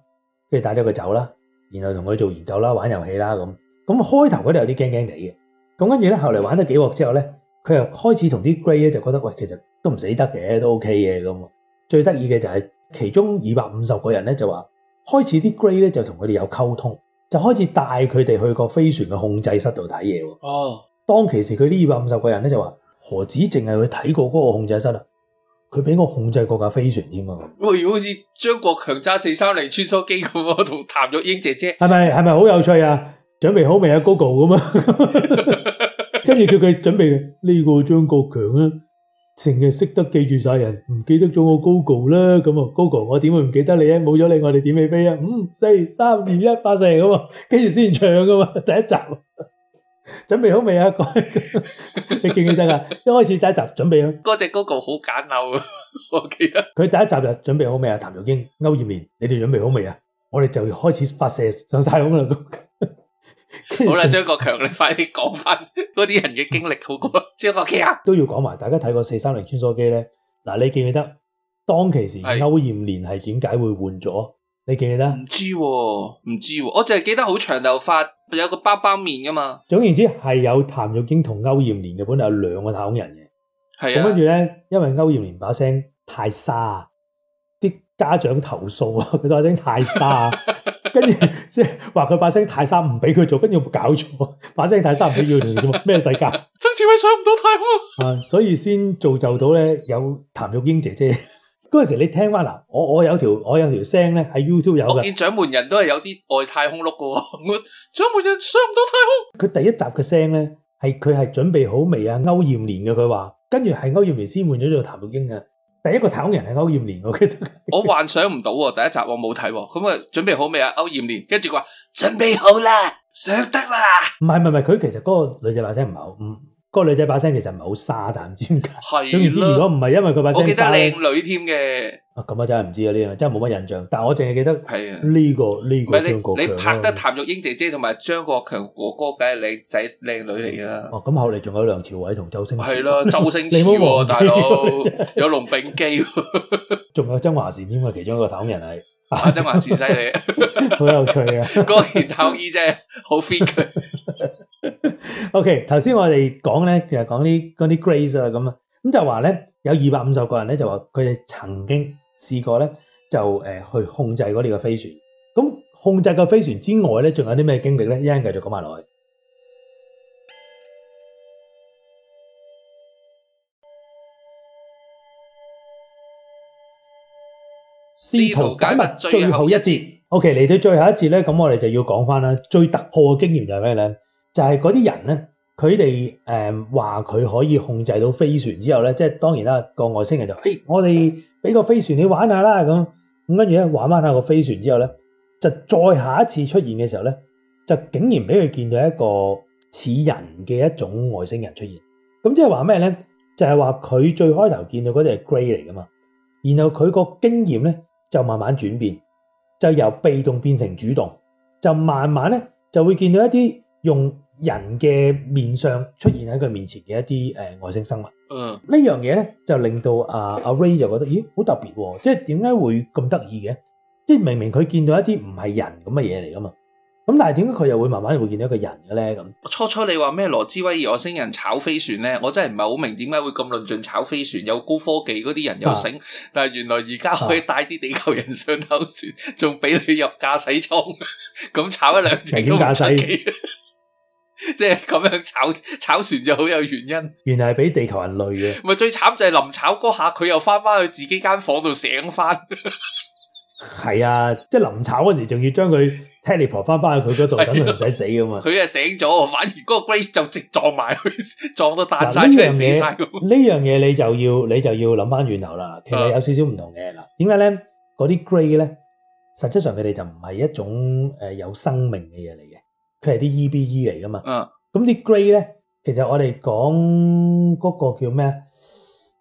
跟住帶咗佢走啦，然後同佢做研究啦、玩遊戲啦咁，咁開頭嗰度有啲驚驚地嘅，咁跟住咧後嚟玩咗幾鑊之後咧。佢又開始同啲 Grey 咧就覺得喂，其實都唔死得嘅，都 OK 嘅咁。最得意嘅就係其中二百五十個人咧就話，開始啲 Grey 咧就同佢哋有溝通，就開始帶佢哋去個飛船嘅控制室度睇嘢。哦，當其時佢呢二百五十個人咧就話，何止淨係去睇過嗰個控制室啊？佢俾我控制過架飛船添啊！哇，好似張國強揸四三零穿梭機咁，同譚玉瑛姐姐，係咪係咪好有趣啊？準備好未啊，Google 咁啊？跟住叫佢準備呢個張國強啊，成日識得記住曬人，唔記得咗我 Google 啦咁啊，Google 我點會唔記得你啊？冇咗你我哋點起飛啊？五四三二一發射咁啊，跟住先唱噶嘛第一集，準備好未啊？講，你記唔記得啊？一開始第一集準備啊，嗰隻 Google 好簡陋啊，我記得佢第一集就準備好未啊？譚玉瑛、區艷蓮，你哋準備好未啊？我哋就開始發射上太空啦。 好啦，張國強，你快啲講翻嗰啲人嘅經歷，好過張國強都要講埋。大家睇過四三零穿梭機咧，嗱，你記唔記得當其時區艷蓮係點解會換咗？你記唔記得？唔知、啊，唔知、啊，我淨係記得好長頭髮，有個包包面噶嘛。總言之，係有譚玉瑛同區艷蓮嘅，本來有兩個太空人嘅。係啊。咁跟住咧，因為區艷蓮把聲太沙，啲家長投訴啊，佢把聲太沙。 跟住即係話佢把聲太差唔畀佢做，跟住我搞錯，把聲太差唔畀佢做，咩世界？曾志偉上唔到太空，啊、所以先造就到咧有譚玉瑛姐姐。嗰 陣時你聽翻嗱，我我有條我有條聲咧喺 YouTube 有嘅。我見掌門人都係有啲外太空碌噶，掌門人上唔到太空。佢第一集嘅聲咧係佢係準備好未啊？區艷蓮嘅佢話，跟住係區艷蓮先換咗做譚玉瑛嘅。第一個太空人係區艷蓮，我記得。我幻想唔到，第一集我冇睇。咁啊，準備好未啊？區艷蓮跟住話準備好啦，上得啦。唔係唔係唔係，佢其實嗰個女仔把聲唔好。嗯。那個女仔把聲其實唔係好沙，但唔知點解。係。如果唔係因為佢把聲，我記得靚女添嘅。啊，咁啊真係唔知啊呢樣，真係冇乜印象。但係我淨係記得呢、這個呢、這個張國強你，你拍得譚玉瑛姐姐同埋張國強哥哥，梗係靚仔靚女嚟噶啦。哦，咁、啊、後嚟仲有梁朝偉同周星馳係咯， 周星馳、啊、大佬，有龍炳基、啊，仲 有曾華倩添啊，其中一個醜人係。啊，真還是犀利，好有趣嘅， 剛然套衣真是好 fit，OK，頭先我哋講其實講啲啲 grace 啦，咁啊，就話呢，有二百五十個人呢，就話佢曾經試過呢，就誒去控制嗰個飛船。咁控制個飛船之外呢，仲有啲咩經歷呢？一陣繼續講埋落去。試圖解密最後一節，OK，嚟到最後一節咧，咁我哋就要講翻啦。最突破嘅經驗就係咩咧？就係嗰啲人咧，佢哋誒話佢可以控制到飛船之後咧，即係當然啦，個外星人就嘿，我哋俾個飛船你玩下啦，咁咁跟住咧玩返下個飛船之後咧，就再下一次出現嘅時候咧，就竟然畀佢見到一個似人嘅一種外星人出現。咁即係話咩咧？就係話佢最開頭見到嗰啲係 Grey 嚟噶嘛，然後佢個經驗咧，就慢慢轉變，就由被動變成主動，就慢慢咧就會見到一啲用人嘅面相出現喺佢面前嘅一啲誒外星生物。嗯，這事呢樣嘢咧就令到阿、啊、阿、啊、Ray 就覺得咦好特別、啊，即係點解會咁得意嘅？即係明明佢見到一啲唔係人咁嘅嘢嚟噶嘛？咁但係點解佢又會慢慢地會見到一個人嘅咧？咁初初你話咩羅茲威爾外星人炒飛船咧？我真係唔係好明點解會咁論盡炒飛船，有高科技嗰啲人又醒、啊，但係原來而家可以帶啲地球人上頭船，仲俾你入駕駛艙，咁 炒一兩隻都唔出奇？即係咁樣炒炒船就好有原因。原來係俾地球人累嘅。咪最慘就係臨炒嗰下，佢又翻翻去自己間房度醒翻。 係啊，即係臨產嗰時，仲要將佢 teleport 翻翻去佢嗰度，等佢唔使死噶嘛。佢啊醒咗，反而嗰個 Grace 就直撞埋去，撞到打親，真係死晒。呢樣嘢你就要，你就要諗翻轉頭啦。其實有少少唔同嘅啦。點解咧？嗰啲 Gray 咧，實質上佢哋就唔係一種誒有生命嘅嘢嚟嘅，佢係啲 E B E 嚟噶嘛。嗯。咁啲 Gray 咧，其實我哋講嗰個叫咩？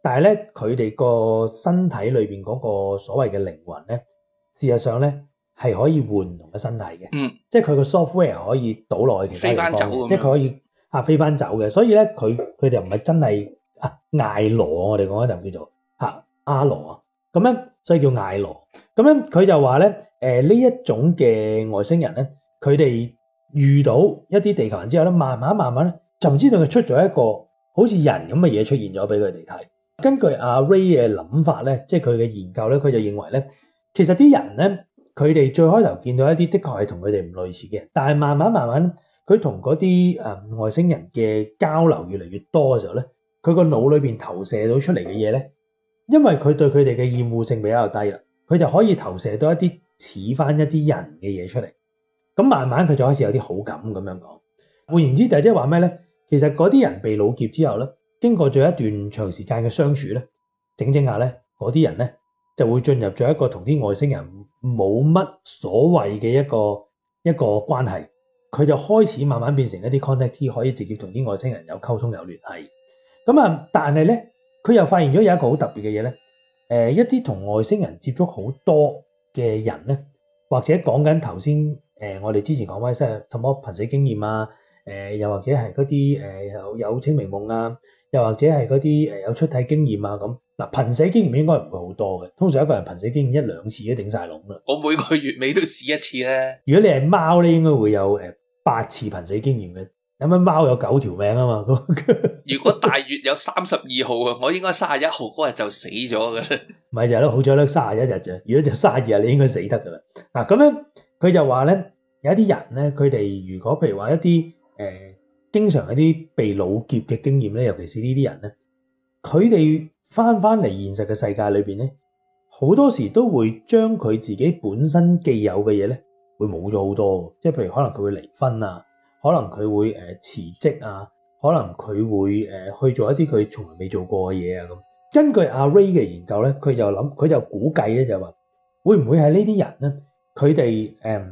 但係咧，佢哋個身體裏邊嗰個所謂嘅靈魂咧，事實上咧係可以換同個身體嘅，嗯，即係佢個 software 可以倒落去其他地方，即係佢可以啊飛翻走嘅，所以咧佢佢哋唔係真係啊艾羅，我哋講就叫做吓阿羅啊，咁、啊、樣所以叫艾羅，咁樣佢就話咧誒呢、呃、一種嘅外星人咧，佢哋遇到一啲地球人之後咧，慢慢慢慢咧就唔知道佢出咗一個好似人咁嘅嘢，出現咗俾佢哋睇。根據阿 Ray 嘅諗法咧，即係佢嘅研究咧，佢就認為咧，其實啲人咧，佢哋最開頭見到一啲的確係同佢哋唔類似嘅人，但係慢慢慢慢，佢同嗰啲誒外星人嘅交流越嚟越多嘅時候咧，佢個腦裏邊投射到出嚟嘅嘢咧，因為佢對佢哋嘅厭惡性比較低啦，佢就可以投射到一啲似翻一啲人嘅嘢出嚟，咁慢慢佢就開始有啲好感咁樣講。換言之，就即係話咩咧？其實嗰啲人被擄劫之後咧，經過咗一段長時間嘅相處咧，整整下咧，嗰啲人咧就會進入咗一個同啲外星人冇乜所謂嘅一個一個關係，佢就開始慢慢變成一啲 contactee，可以直接同啲外星人有溝通有聯繫。咁啊，但係咧，佢又發現咗有一個好特別嘅嘢咧。誒，一啲同外星人接觸好多嘅人咧，或者講緊頭先誒，我哋之前講返即係什麼瀕死經驗啊、呃，又或者係嗰啲誒有有清明夢啊。又或者係嗰啲誒有出體經驗啊咁，嗱，瀕死經驗應該唔會好多嘅。通常一個人瀕死經驗一兩次都頂晒籠啦。我每個月尾都試一次咧。如果你係貓咧，應該會有誒八次瀕死經驗嘅。咁樣貓有九條命啊嘛，咁。如果大月有三十二號啊， 我應該三十一號嗰日就死咗噶啦。咪就係咯，好彩得三十一日啫。如果就三十二日，你應該死得噶啦。嗱咁呢，佢就話咧，有一啲人咧，佢哋如果譬如話一啲誒。呃經常一啲被擄劫嘅經驗咧，尤其是呢啲人咧，佢哋翻翻嚟現實嘅世界裏面咧，好多時都會將佢自己本身既有嘅嘢咧，會冇咗好多。即係譬如可能佢會離婚啊，可能佢會誒辭職啊，可能佢會誒去做一啲佢從來未做過嘅嘢啊咁。根據阿 Ray 嘅研究咧，佢就諗佢就估計咧就話，會唔會係呢啲人咧，佢哋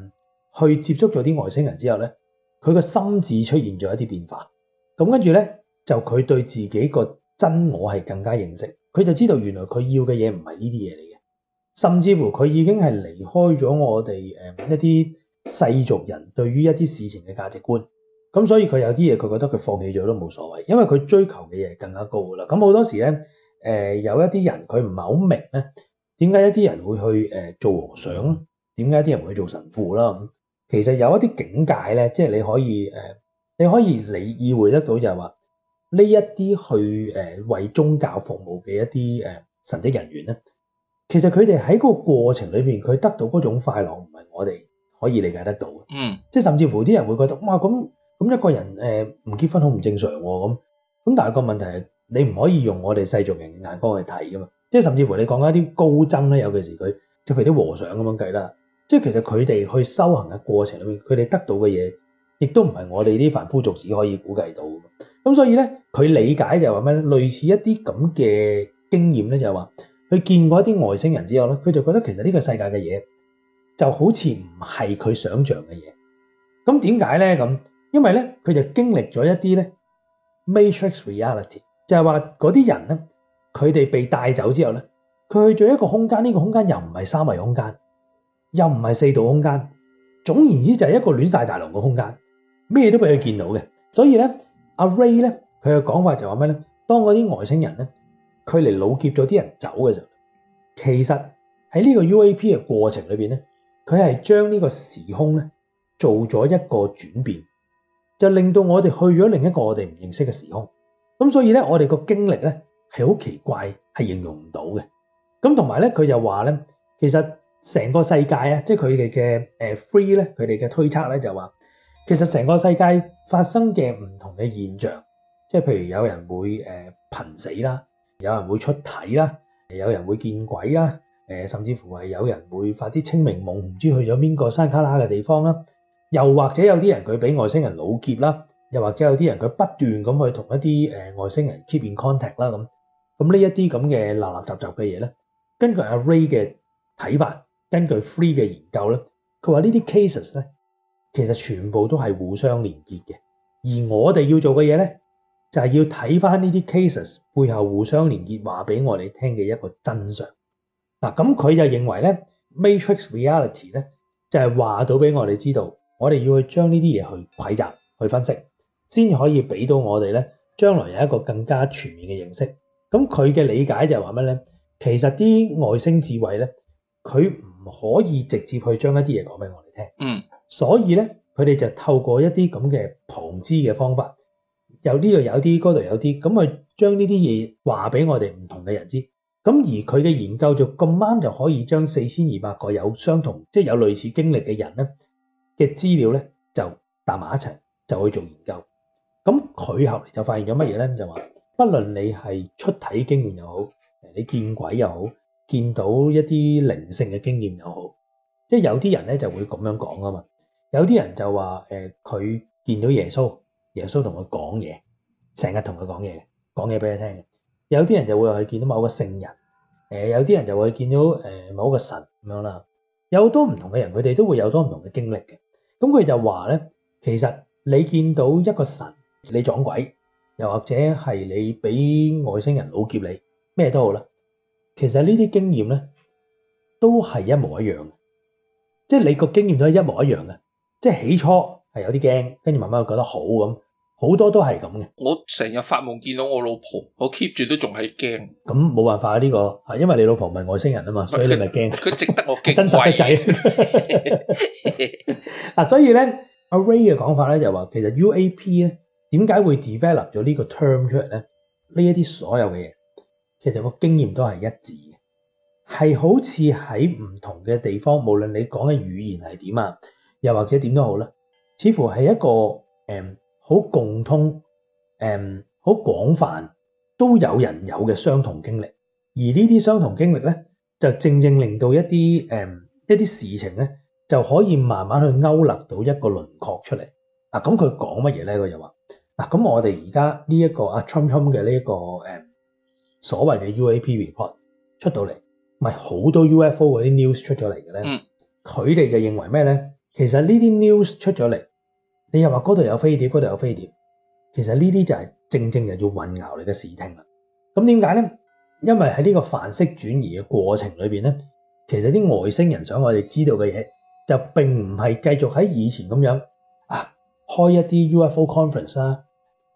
誒去接觸咗啲外星人之後咧？佢個心智出現咗一啲變化，咁跟住咧就佢對自己個真我係更加認識，佢就知道原來佢要嘅嘢唔係呢啲嘢嚟嘅，甚至乎佢已經係離開咗我哋誒一啲世俗人對於一啲事情嘅價值觀，咁所以佢有啲嘢佢覺得佢放棄咗都冇所謂，因為佢追求嘅嘢更加高啦。咁好多時咧誒有一啲人佢唔係好明咧點解一啲人會去誒做和尚咯，點解啲人會去做神父啦？其實有一啲境界咧，即係你可以誒，你可以理意會得到就說，就係話呢一啲去誒為宗教服務嘅一啲誒神職人員咧，其實佢哋喺個過程裏邊，佢得到嗰種快樂，唔係我哋可以理解得到嘅。嗯，即係甚至乎啲人會覺得哇，咁咁一個人誒唔結婚好唔正常喎，咁咁。但係個問題係你唔可以用我哋世俗人嘅眼光去睇噶嘛，即係甚至乎你講緊一啲高僧咧，尤其是佢，即譬如啲和尚咁樣計啦。即係其實佢哋去修行嘅過程裏面，佢哋得到嘅嘢，亦都唔係我哋啲凡夫俗子可以估計到。咁所以呢，佢理解就係話咩類似一啲咁嘅經驗咧，就係話佢見過一啲外星人之後他佢就覺得其實呢個世界嘅嘢就好似唔係佢想象嘅嘢。咁點解麼呢？咁因為呢，佢就經歷咗一啲 Matrix reality，就係話嗰啲人呢，佢哋被帶走之後呢，佢去咗一個空間，呢、這個空間又唔係三維空間。又唔係四度空間，總而言之就係一個亂晒大龍嘅空間，咩都俾佢見到嘅。所以咧，阿 Ray 咧，佢嘅講法就話咩咧？當嗰啲外星人咧，佢嚟擄劫咗啲人走嘅時候，其實喺呢個 UAP 嘅過程裏邊咧，佢係將呢個時空咧做咗一個轉變，就令到我哋去咗另一個我哋唔認識嘅時空。咁所以咧，我哋個經歷咧係好奇怪，係形容唔到嘅。咁同埋咧，佢就話咧，其實。成個世界啊，即係佢哋嘅誒 free 咧，佢哋嘅推測咧就話，其實成個世界發生嘅唔同嘅現象，即係譬如有人會誒瀕死啦，有人會出體啦，有人會見鬼啦，誒甚至乎係有人會發啲清明夢，唔知去咗邊個山卡拉嘅地方啦，又或者有啲人佢俾外星人擄劫啦，又或者有啲人佢不斷咁去同一啲誒外星人 keep in contact 啦咁，咁呢一啲咁嘅垃垃雜雜嘅嘢咧，根據阿 Ray 嘅睇法。根據 Free 嘅研究咧，佢話呢啲 cases 咧，其實全部都係互相連結嘅。而我哋要做嘅嘢咧，就係要睇翻呢啲 cases 背後互相連結，話俾我哋聽嘅一個真相。嗱，咁佢就認為咧，Matrix Reality 咧，就係話到俾我哋知道，我哋要這些東西去將呢啲嘢去詮釋、去分析，先可以俾到我哋咧，將來有一個更加全面嘅認識。咁佢嘅理解就係話咩咧？其實啲外星智慧咧，佢唔～可以直接去將一啲嘢講俾我哋聽，嗯，所以咧，佢哋就透過一啲咁嘅旁枝嘅方法，由呢度有啲，嗰度有啲，咁去將呢啲嘢話俾我哋唔同嘅人知。咁而佢嘅研究就咁啱就可以將四千二百個有相同即係、就是、有類似經歷嘅人咧嘅資料咧就搭埋一齊，就去做研究。咁佢後嚟就發現咗乜嘢咧？就話，不論你係出體經驗又好，你見鬼又好。見到一啲靈性嘅經驗又好，即係有啲人咧就會咁樣講啊嘛。有啲人就話誒，佢見到耶穌，耶穌同佢講嘢，成日同佢講嘢嘅，講嘢俾佢聽。有啲人就會去佢見到某個聖人，有啲人就會見到某個神咁樣啦。有好多唔同嘅人，佢哋都會有多唔同嘅經歷嘅。咁佢就話咧，其實你見到一個神，你撞鬼，又或者係你俾外星人老劫你，咩都好啦。其實呢啲經驗咧都係一模一樣嘅，即係你個經驗都係一模一樣嘅，即係起初係有啲驚，跟住慢慢覺得好咁，好多都係咁嘅。我成日發夢見到我老婆，我 keep 住都仲係驚。咁冇辦法啊，呢個係因為你老婆唔係外星人啊嘛，所以你咪驚。佢值得我 真係。嗱， 所以咧，阿 Rey 嘅講法咧就話，其實 UAP 咧點解會 develop 咗呢個 term 出嚟咧？呢一啲所有嘅嘢。其實個經驗都係一致嘅，係好似喺唔同嘅地方，無論你講嘅語言係點啊，又或者點都好咧，似乎係一個誒好共通，誒好廣泛都有人有嘅相同經歷。而呢啲相同經歷咧，就正正令到一啲誒一啲事情咧，就可以慢慢去勾勒到一個輪廓出嚟。咁佢講乜嘢咧？佢就話，嗱，咁我哋而家呢一個阿 Trump Trump 嘅呢一個所謂嘅 UAP report 出到嚟，咪好多 UFO 嗰啲 news 出咗嚟嘅呢，佢哋就認為咩呢？其實呢啲 news 出咗嚟，你又話嗰度有飛碟，嗰度有飛碟，其實呢啲就係正正就要混淆你嘅視聽啦。咁點解呢？因為喺呢個繁式轉移嘅過程裏面呢，其實啲外星人想我哋知道嘅嘢，就並唔係繼續喺以前咁樣啊，開一啲 UFO conference 啦，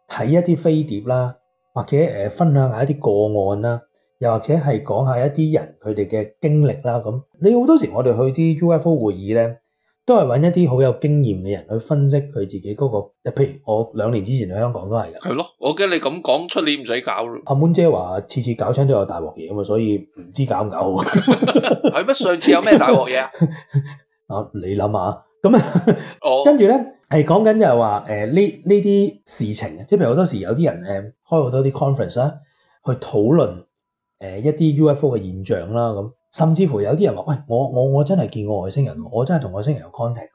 睇一啲飛碟啦。或者誒分享下一啲個案啦，又或者係講下一啲人佢哋嘅經歷啦。咁你好多時我哋去啲 UFO 會議咧，都係揾一啲好有經驗嘅人去分析佢自己嗰個。譬如我兩年之前去香港都係㗎。係咯，我驚你咁講，出年唔使搞啦。阿滿姐話次次搞親都有大鑊嘢啊嘛，所以唔知搞唔搞好。係 咩？ 上次有咩大鑊嘢啊？ 啊，你諗下，咁啊，跟住咧。係講緊就係話，誒呢呢啲事情，即係譬如好多時有啲人誒開好多啲 conference 啦，去討論誒一啲 UFO 嘅現象啦咁，甚至乎有啲人話，喂，我我我真係見過外星人，我真係同外星人有 contact 嘅，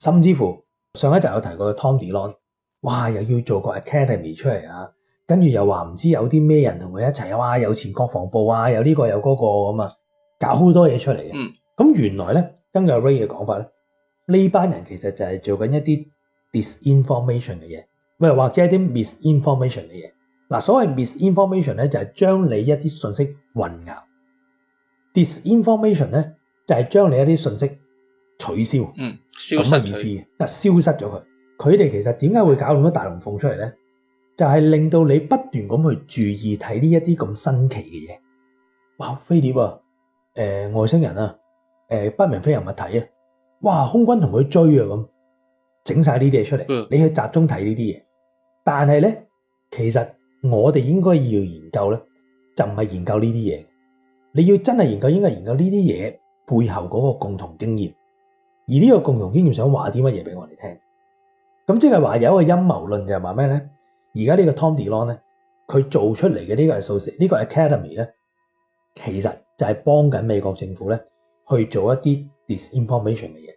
甚至乎上一集有提過 Tom DeLonge，哇，又要做個 academy 出嚟啊，跟住又話唔知有啲咩人同佢一齊，哇，有前國防部啊，有呢個有嗰個咁啊，搞好多嘢出嚟嘅。嗯，咁原來咧，根據 Ray 嘅講法咧。呢班人其實就係做緊一啲 disinformation 嘅嘢，或者啲 misinformation 嘅嘢。嗱，所謂 misinformation 呢，就係將你一啲信息混淆，disinformation 呢、嗯，就係、是、將你一啲信息取消，嗯，消失，咁咩意思？消失咗佢。佢哋其實點解會搞咁多大龍鳳出嚟呢？就係令到你不斷咁去注意睇呢一啲咁新奇嘅嘢，哇！飛碟啊，呃、外星人啊，呃、不明飛行物體啊！哇！空軍同佢追啊咁，整晒呢啲嘢出嚟，你去集中睇呢啲嘢。但係咧，其實我哋應該要研究咧，就唔係研究呢啲嘢。你要真係研究，應該研究呢啲嘢背後嗰個共同經驗。而呢個共同經驗想話啲乜嘢俾我哋聽？咁即係話有一個陰謀論就係話咩咧？而家呢個 Tom Delonge 咧，佢做出嚟嘅呢個係數字，呢個係 Academy 咧，其實就係幫緊美國政府咧去做一啲 disinformation 嘅嘢。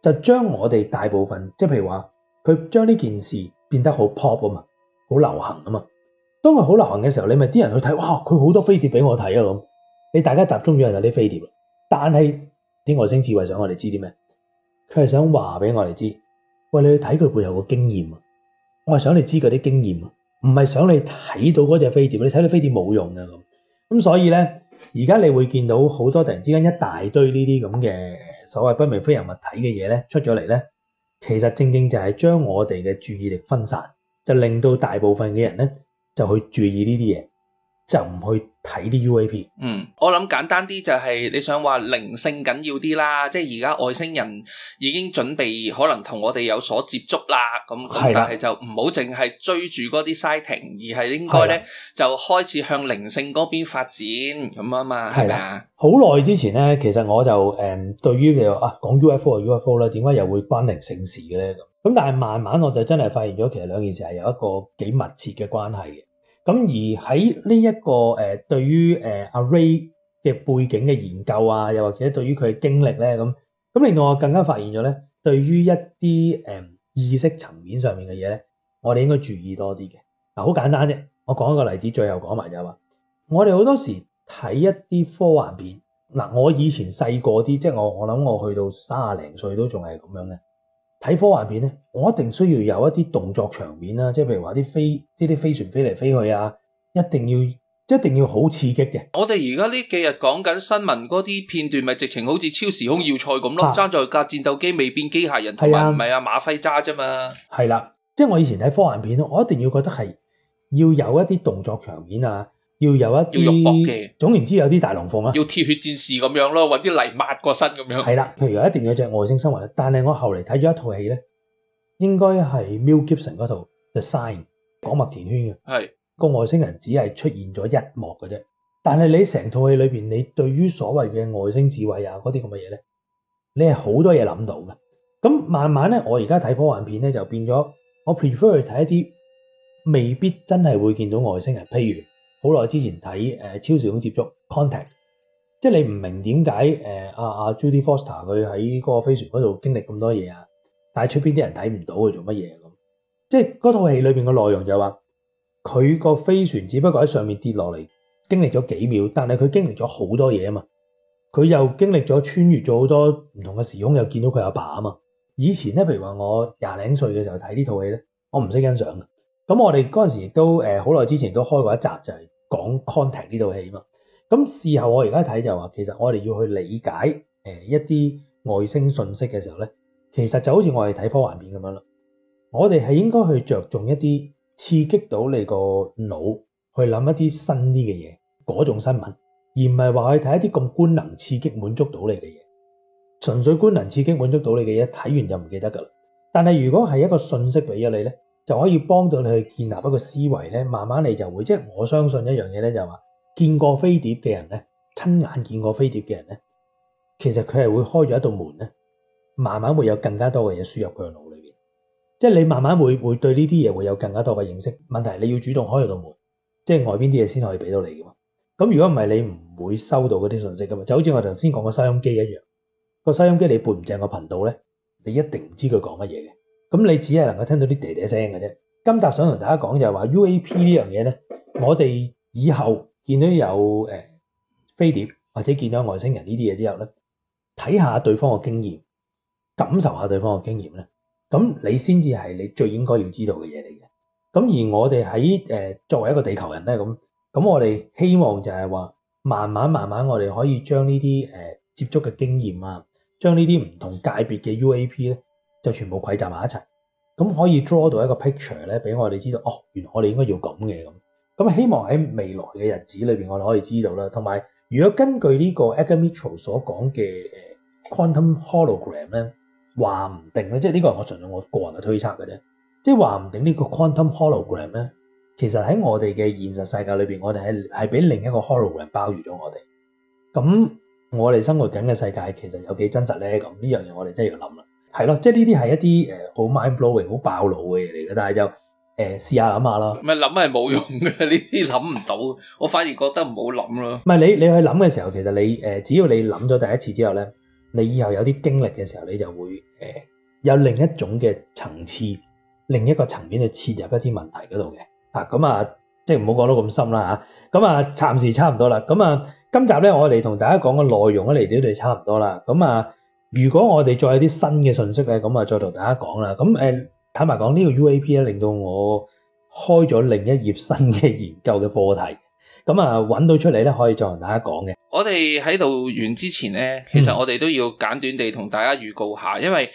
就將我哋大部分，即係譬如話，佢將呢件事變得好 pop 啊嘛，好流行啊嘛。當佢好流行嘅時候，你咪啲人去睇，哇，佢好多飛碟俾我睇啊咁。你大家集中咗係睇啲飛碟，但係啲外星智慧想我哋知啲咩？佢係想話俾我哋知，喂，你去睇佢背後嘅經驗啊。我係想你知佢啲經驗啊，唔係想你睇到嗰隻飛碟，你睇到飛碟冇用啊咁。咁所以咧，而家你會見到好多突然之間一大堆呢啲咁嘅。所謂不明飛行物體嘅嘢咧，出咗嚟，其實正正就係將我哋嘅注意力分散，就令到大部分嘅人咧，就去注意呢啲嘢。就唔去睇啲 UAP。嗯，我諗簡單啲就係你想話靈性緊要啲啦，即係而家外星人已經準備可能同我哋有所接觸啦。咁咁但係就唔好淨係追住嗰啲 sighting，而係應該咧就開始向靈性嗰邊發展咁啊嘛，係咪啊？好耐之前咧，其實我就誒對於譬如啊講 UFO 啊 UFO 咧，點解又會關靈性事嘅咧？咁咁但係慢慢我就真係發現咗，其實兩件事係有一個幾密切嘅關係嘅。咁而喺呢一個誒對於誒阿 Rey 嘅背景嘅研究啊，又或者對於佢嘅經歷咧，咁咁令到我更加發現咗咧，對於一啲誒意識層面上面嘅嘢咧，我哋應該注意多啲嘅。嗱，好簡單啫，我講一個例子，最後講埋就係話，我哋好多時睇一啲科幻片，嗱，我以前細個啲，即係我我諗我去到三廿零歲都仲係咁樣嘅。睇科幻片咧，我一定需要有一啲動作場面啊，即係譬如話啲飛呢啲飛船飛嚟飛去啊，一定要，一定要好刺激嘅。我哋而家呢幾日講緊新聞嗰啲片段，咪直情好似超時空要塞咁咯，爭在架戰鬥機未變機械人，同埋唔係啊馬輝揸啫嘛。係啦，即係我以前睇科幻片咯，我一定要覺得係要有一啲動作場面啊。要有一啲，總言之有啲大龍鳳啊，要鐵血戰士咁樣咯，或者泥抹過身咁樣。係啦，譬如一定有隻外星生物，但係我後嚟睇咗一套戲咧，應該係 Mel Gibson 嗰套 The Sign，講麥田圈嘅。係個外星人只係出現咗一幕嘅啫。但係你成套戲裏邊，你對於所謂嘅外星智慧啊嗰啲咁嘅嘢咧，你係好多嘢諗到嘅。咁慢慢咧，我而家睇科幻片咧就變咗，我 prefer 去睇一啲未必真係會見到外星人，譬如。好耐之前睇超時空接觸 contact，即你唔明點解誒阿 Judy Foster 佢喺嗰個飛船嗰度經歷咁多嘢啊，但係出邊啲人睇唔到佢做乜嘢咁，即嗰套戲裏面嘅內容就係話，佢個飛船只不過喺上面跌落嚟，經歷咗幾秒，但係佢經歷咗好多嘢嘛，佢又經歷咗穿越咗好多唔同嘅時空，又見到佢阿爸嘛。以前呢，譬如話我廿零歲嘅時候睇呢套戲呢，我唔識欣賞。咁我哋嗰陣時都誒好耐之前都開過一集，就係講 contact 呢套戲啊嘛。咁事後我而家睇就話，其實我哋要去理解誒一啲外星信息嘅時候咧，其實就好似我哋睇科幻片咁樣咯。我哋係應該去着重一啲刺激到你個腦去諗一啲新啲嘅嘢嗰種新聞，而唔係話去睇一啲咁官能刺激滿足到你嘅嘢。純粹官能刺激滿足到你嘅嘢，睇完就唔記得噶啦。但係如果係一個信息俾咗你咧。就可以幫到你去建立一個思維呢慢慢你就會，即係我相信一樣嘢呢，就話見過飛碟嘅人呢，親眼見過飛碟嘅人呢，其實佢係會開咗一道門呢慢慢會有更加多嘅嘢輸入佢嘅腦裏面，即係你慢慢會會對呢啲嘢會有更加多嘅認識。問題你要主動開咗道門，即係外邊啲嘢先可以俾到你噶嘛。咁如果唔係，你唔會收到嗰啲信息噶嘛。就好似我頭先講個收音機一樣，個收音機你背唔正個頻道咧，你一定唔知佢講乜嘢嘅。咁你只係能夠聽到啲嗲嗲聲嘅啫。今集想同大家講就係話 UAP 呢樣嘢咧，我哋以後見到有誒飛碟或者見到外星人呢啲嘢之後咧，睇下對方嘅經驗，感受下對方嘅經驗咧，咁你先至係你最應該要知道嘅嘢嚟嘅。咁而我哋喺誒作為一個地球人咧，咁咁我哋希望就係話慢慢慢慢，我哋可以將呢啲誒接觸嘅經驗啊，將呢啲唔同界別嘅 UAP 咧。全部攢集埋一齊，咁可以 draw 到一個 picture 咧，俾我哋知道哦。原來我哋應該要咁嘅咁。咁希望喺未來嘅日子裏面，我哋可以知道啦。同埋，如果根據呢個 Edgar Mitchell 所講嘅 quantum hologram 咧，話唔定咧，即呢個係我純粹我個人嘅推測嘅啫。即係話唔定呢個 quantum hologram 咧，其實喺我哋嘅現實世界裏面，我哋係係俾另一個 hologram 包住咗我哋。咁我哋生活緊嘅世界其實有幾真實咧？咁呢樣嘢我哋真係要諗啦。係咯，即係呢啲係一啲誒好 mind blowing，好爆腦嘅嘢嚟嘅，但係就誒、呃、試下諗下咯。唔係諗係冇用嘅，呢啲諗唔到。我反而覺得唔好諗咯。唔係你你去諗嘅時候，其實你誒、呃，只要你諗咗第一次之後咧，你以後有啲經歷嘅時候，你就會誒、呃、有另一種嘅層次，另一個層面去切入一啲問題嗰度嘅。啊，咁、嗯、啊，即係唔好講到咁深啦吓。咁啊，暫時差唔多啦。咁、嗯、啊，今集咧我哋同大家講嘅內容咧嚟到都差唔多啦。咁、嗯、啊。如果我哋再有啲新嘅信息咧，咁啊再同大家講啦。咁誒，坦白講呢個 UAP 咧，令到我開咗另一頁新嘅研究嘅課題。咁啊，揾到出嚟咧，可以再同大家講嘅。我哋喺度完之前咧，其實我哋都要簡短地同大家預告下，因為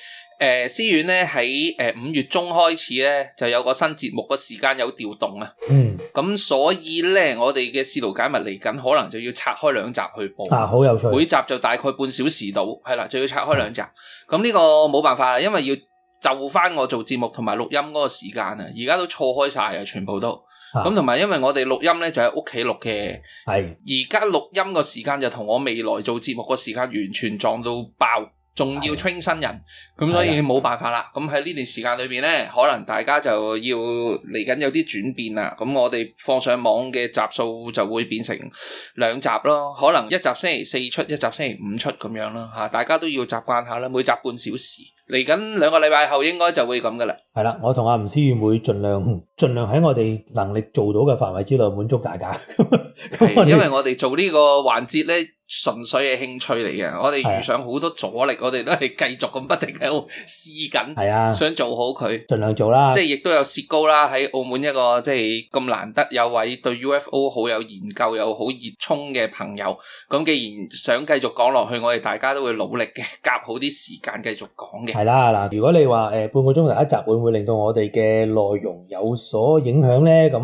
誒思、呃、院咧喺誒五月中開始咧就有個新節目，個時間有調動啊。嗯，咁所以咧我哋嘅試圖解密嚟緊可能就要拆開兩集去播啊，好有趣。每集就大概半小時到，係啦，就要拆開兩集。咁呢個冇辦法啦，因為要就返我做節目同埋錄音嗰個時間啊，而家都錯開晒啊，全部都。咁同埋，因為我哋錄音咧就喺屋企錄嘅，而家錄音個時間就同我未來做節目個時間完全撞到爆，仲要 train 新人，咁所以冇辦法啦。咁喺呢段時間裏邊咧，可能大家就要嚟緊有啲轉變啦。咁我哋放上網嘅集數就會變成兩集咯，可能一集星期四出，一集星期五出咁樣啦。嚇，大家都要習慣下啦，每集半小時。嚟緊兩個禮拜後應該就會咁嘅喇。係啦，我同阿吳思遠會盡量盡量喺我哋能力做到嘅範圍之內，滿足大家。呵呵，因為我哋做這個環節呢個環節呢，純粹嘅興趣嚟嘅，我哋遇上好多阻力，啊、我哋都係繼續咁不停喺度試緊，係啊，想做好佢，盡量做啦。即係亦都有薛高啦，喺澳門一個即係咁難得有位對 UFO 好有研究又好熱衷嘅朋友。咁既然想繼續講落去，我哋大家都會努力嘅，夾好啲時間繼續講嘅。係啦，嗱，如果你話誒、呃、半個鐘頭一集會唔會令到我哋嘅內容有所影響咧？咁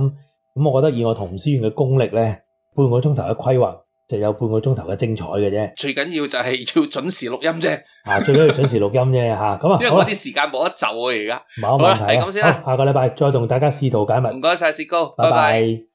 咁，我覺得以我同思遠嘅功力咧，半個鐘頭嘅規劃。就有半個鐘頭嘅精彩嘅啫，最緊要就係要準時錄音啫。啊，最緊要準時錄音啫，吓咁啊，因為我啲時間冇得就啊，而家冇冇問題啊。好，下個禮拜再同大家試圖解密。唔該晒，薛高，拜拜。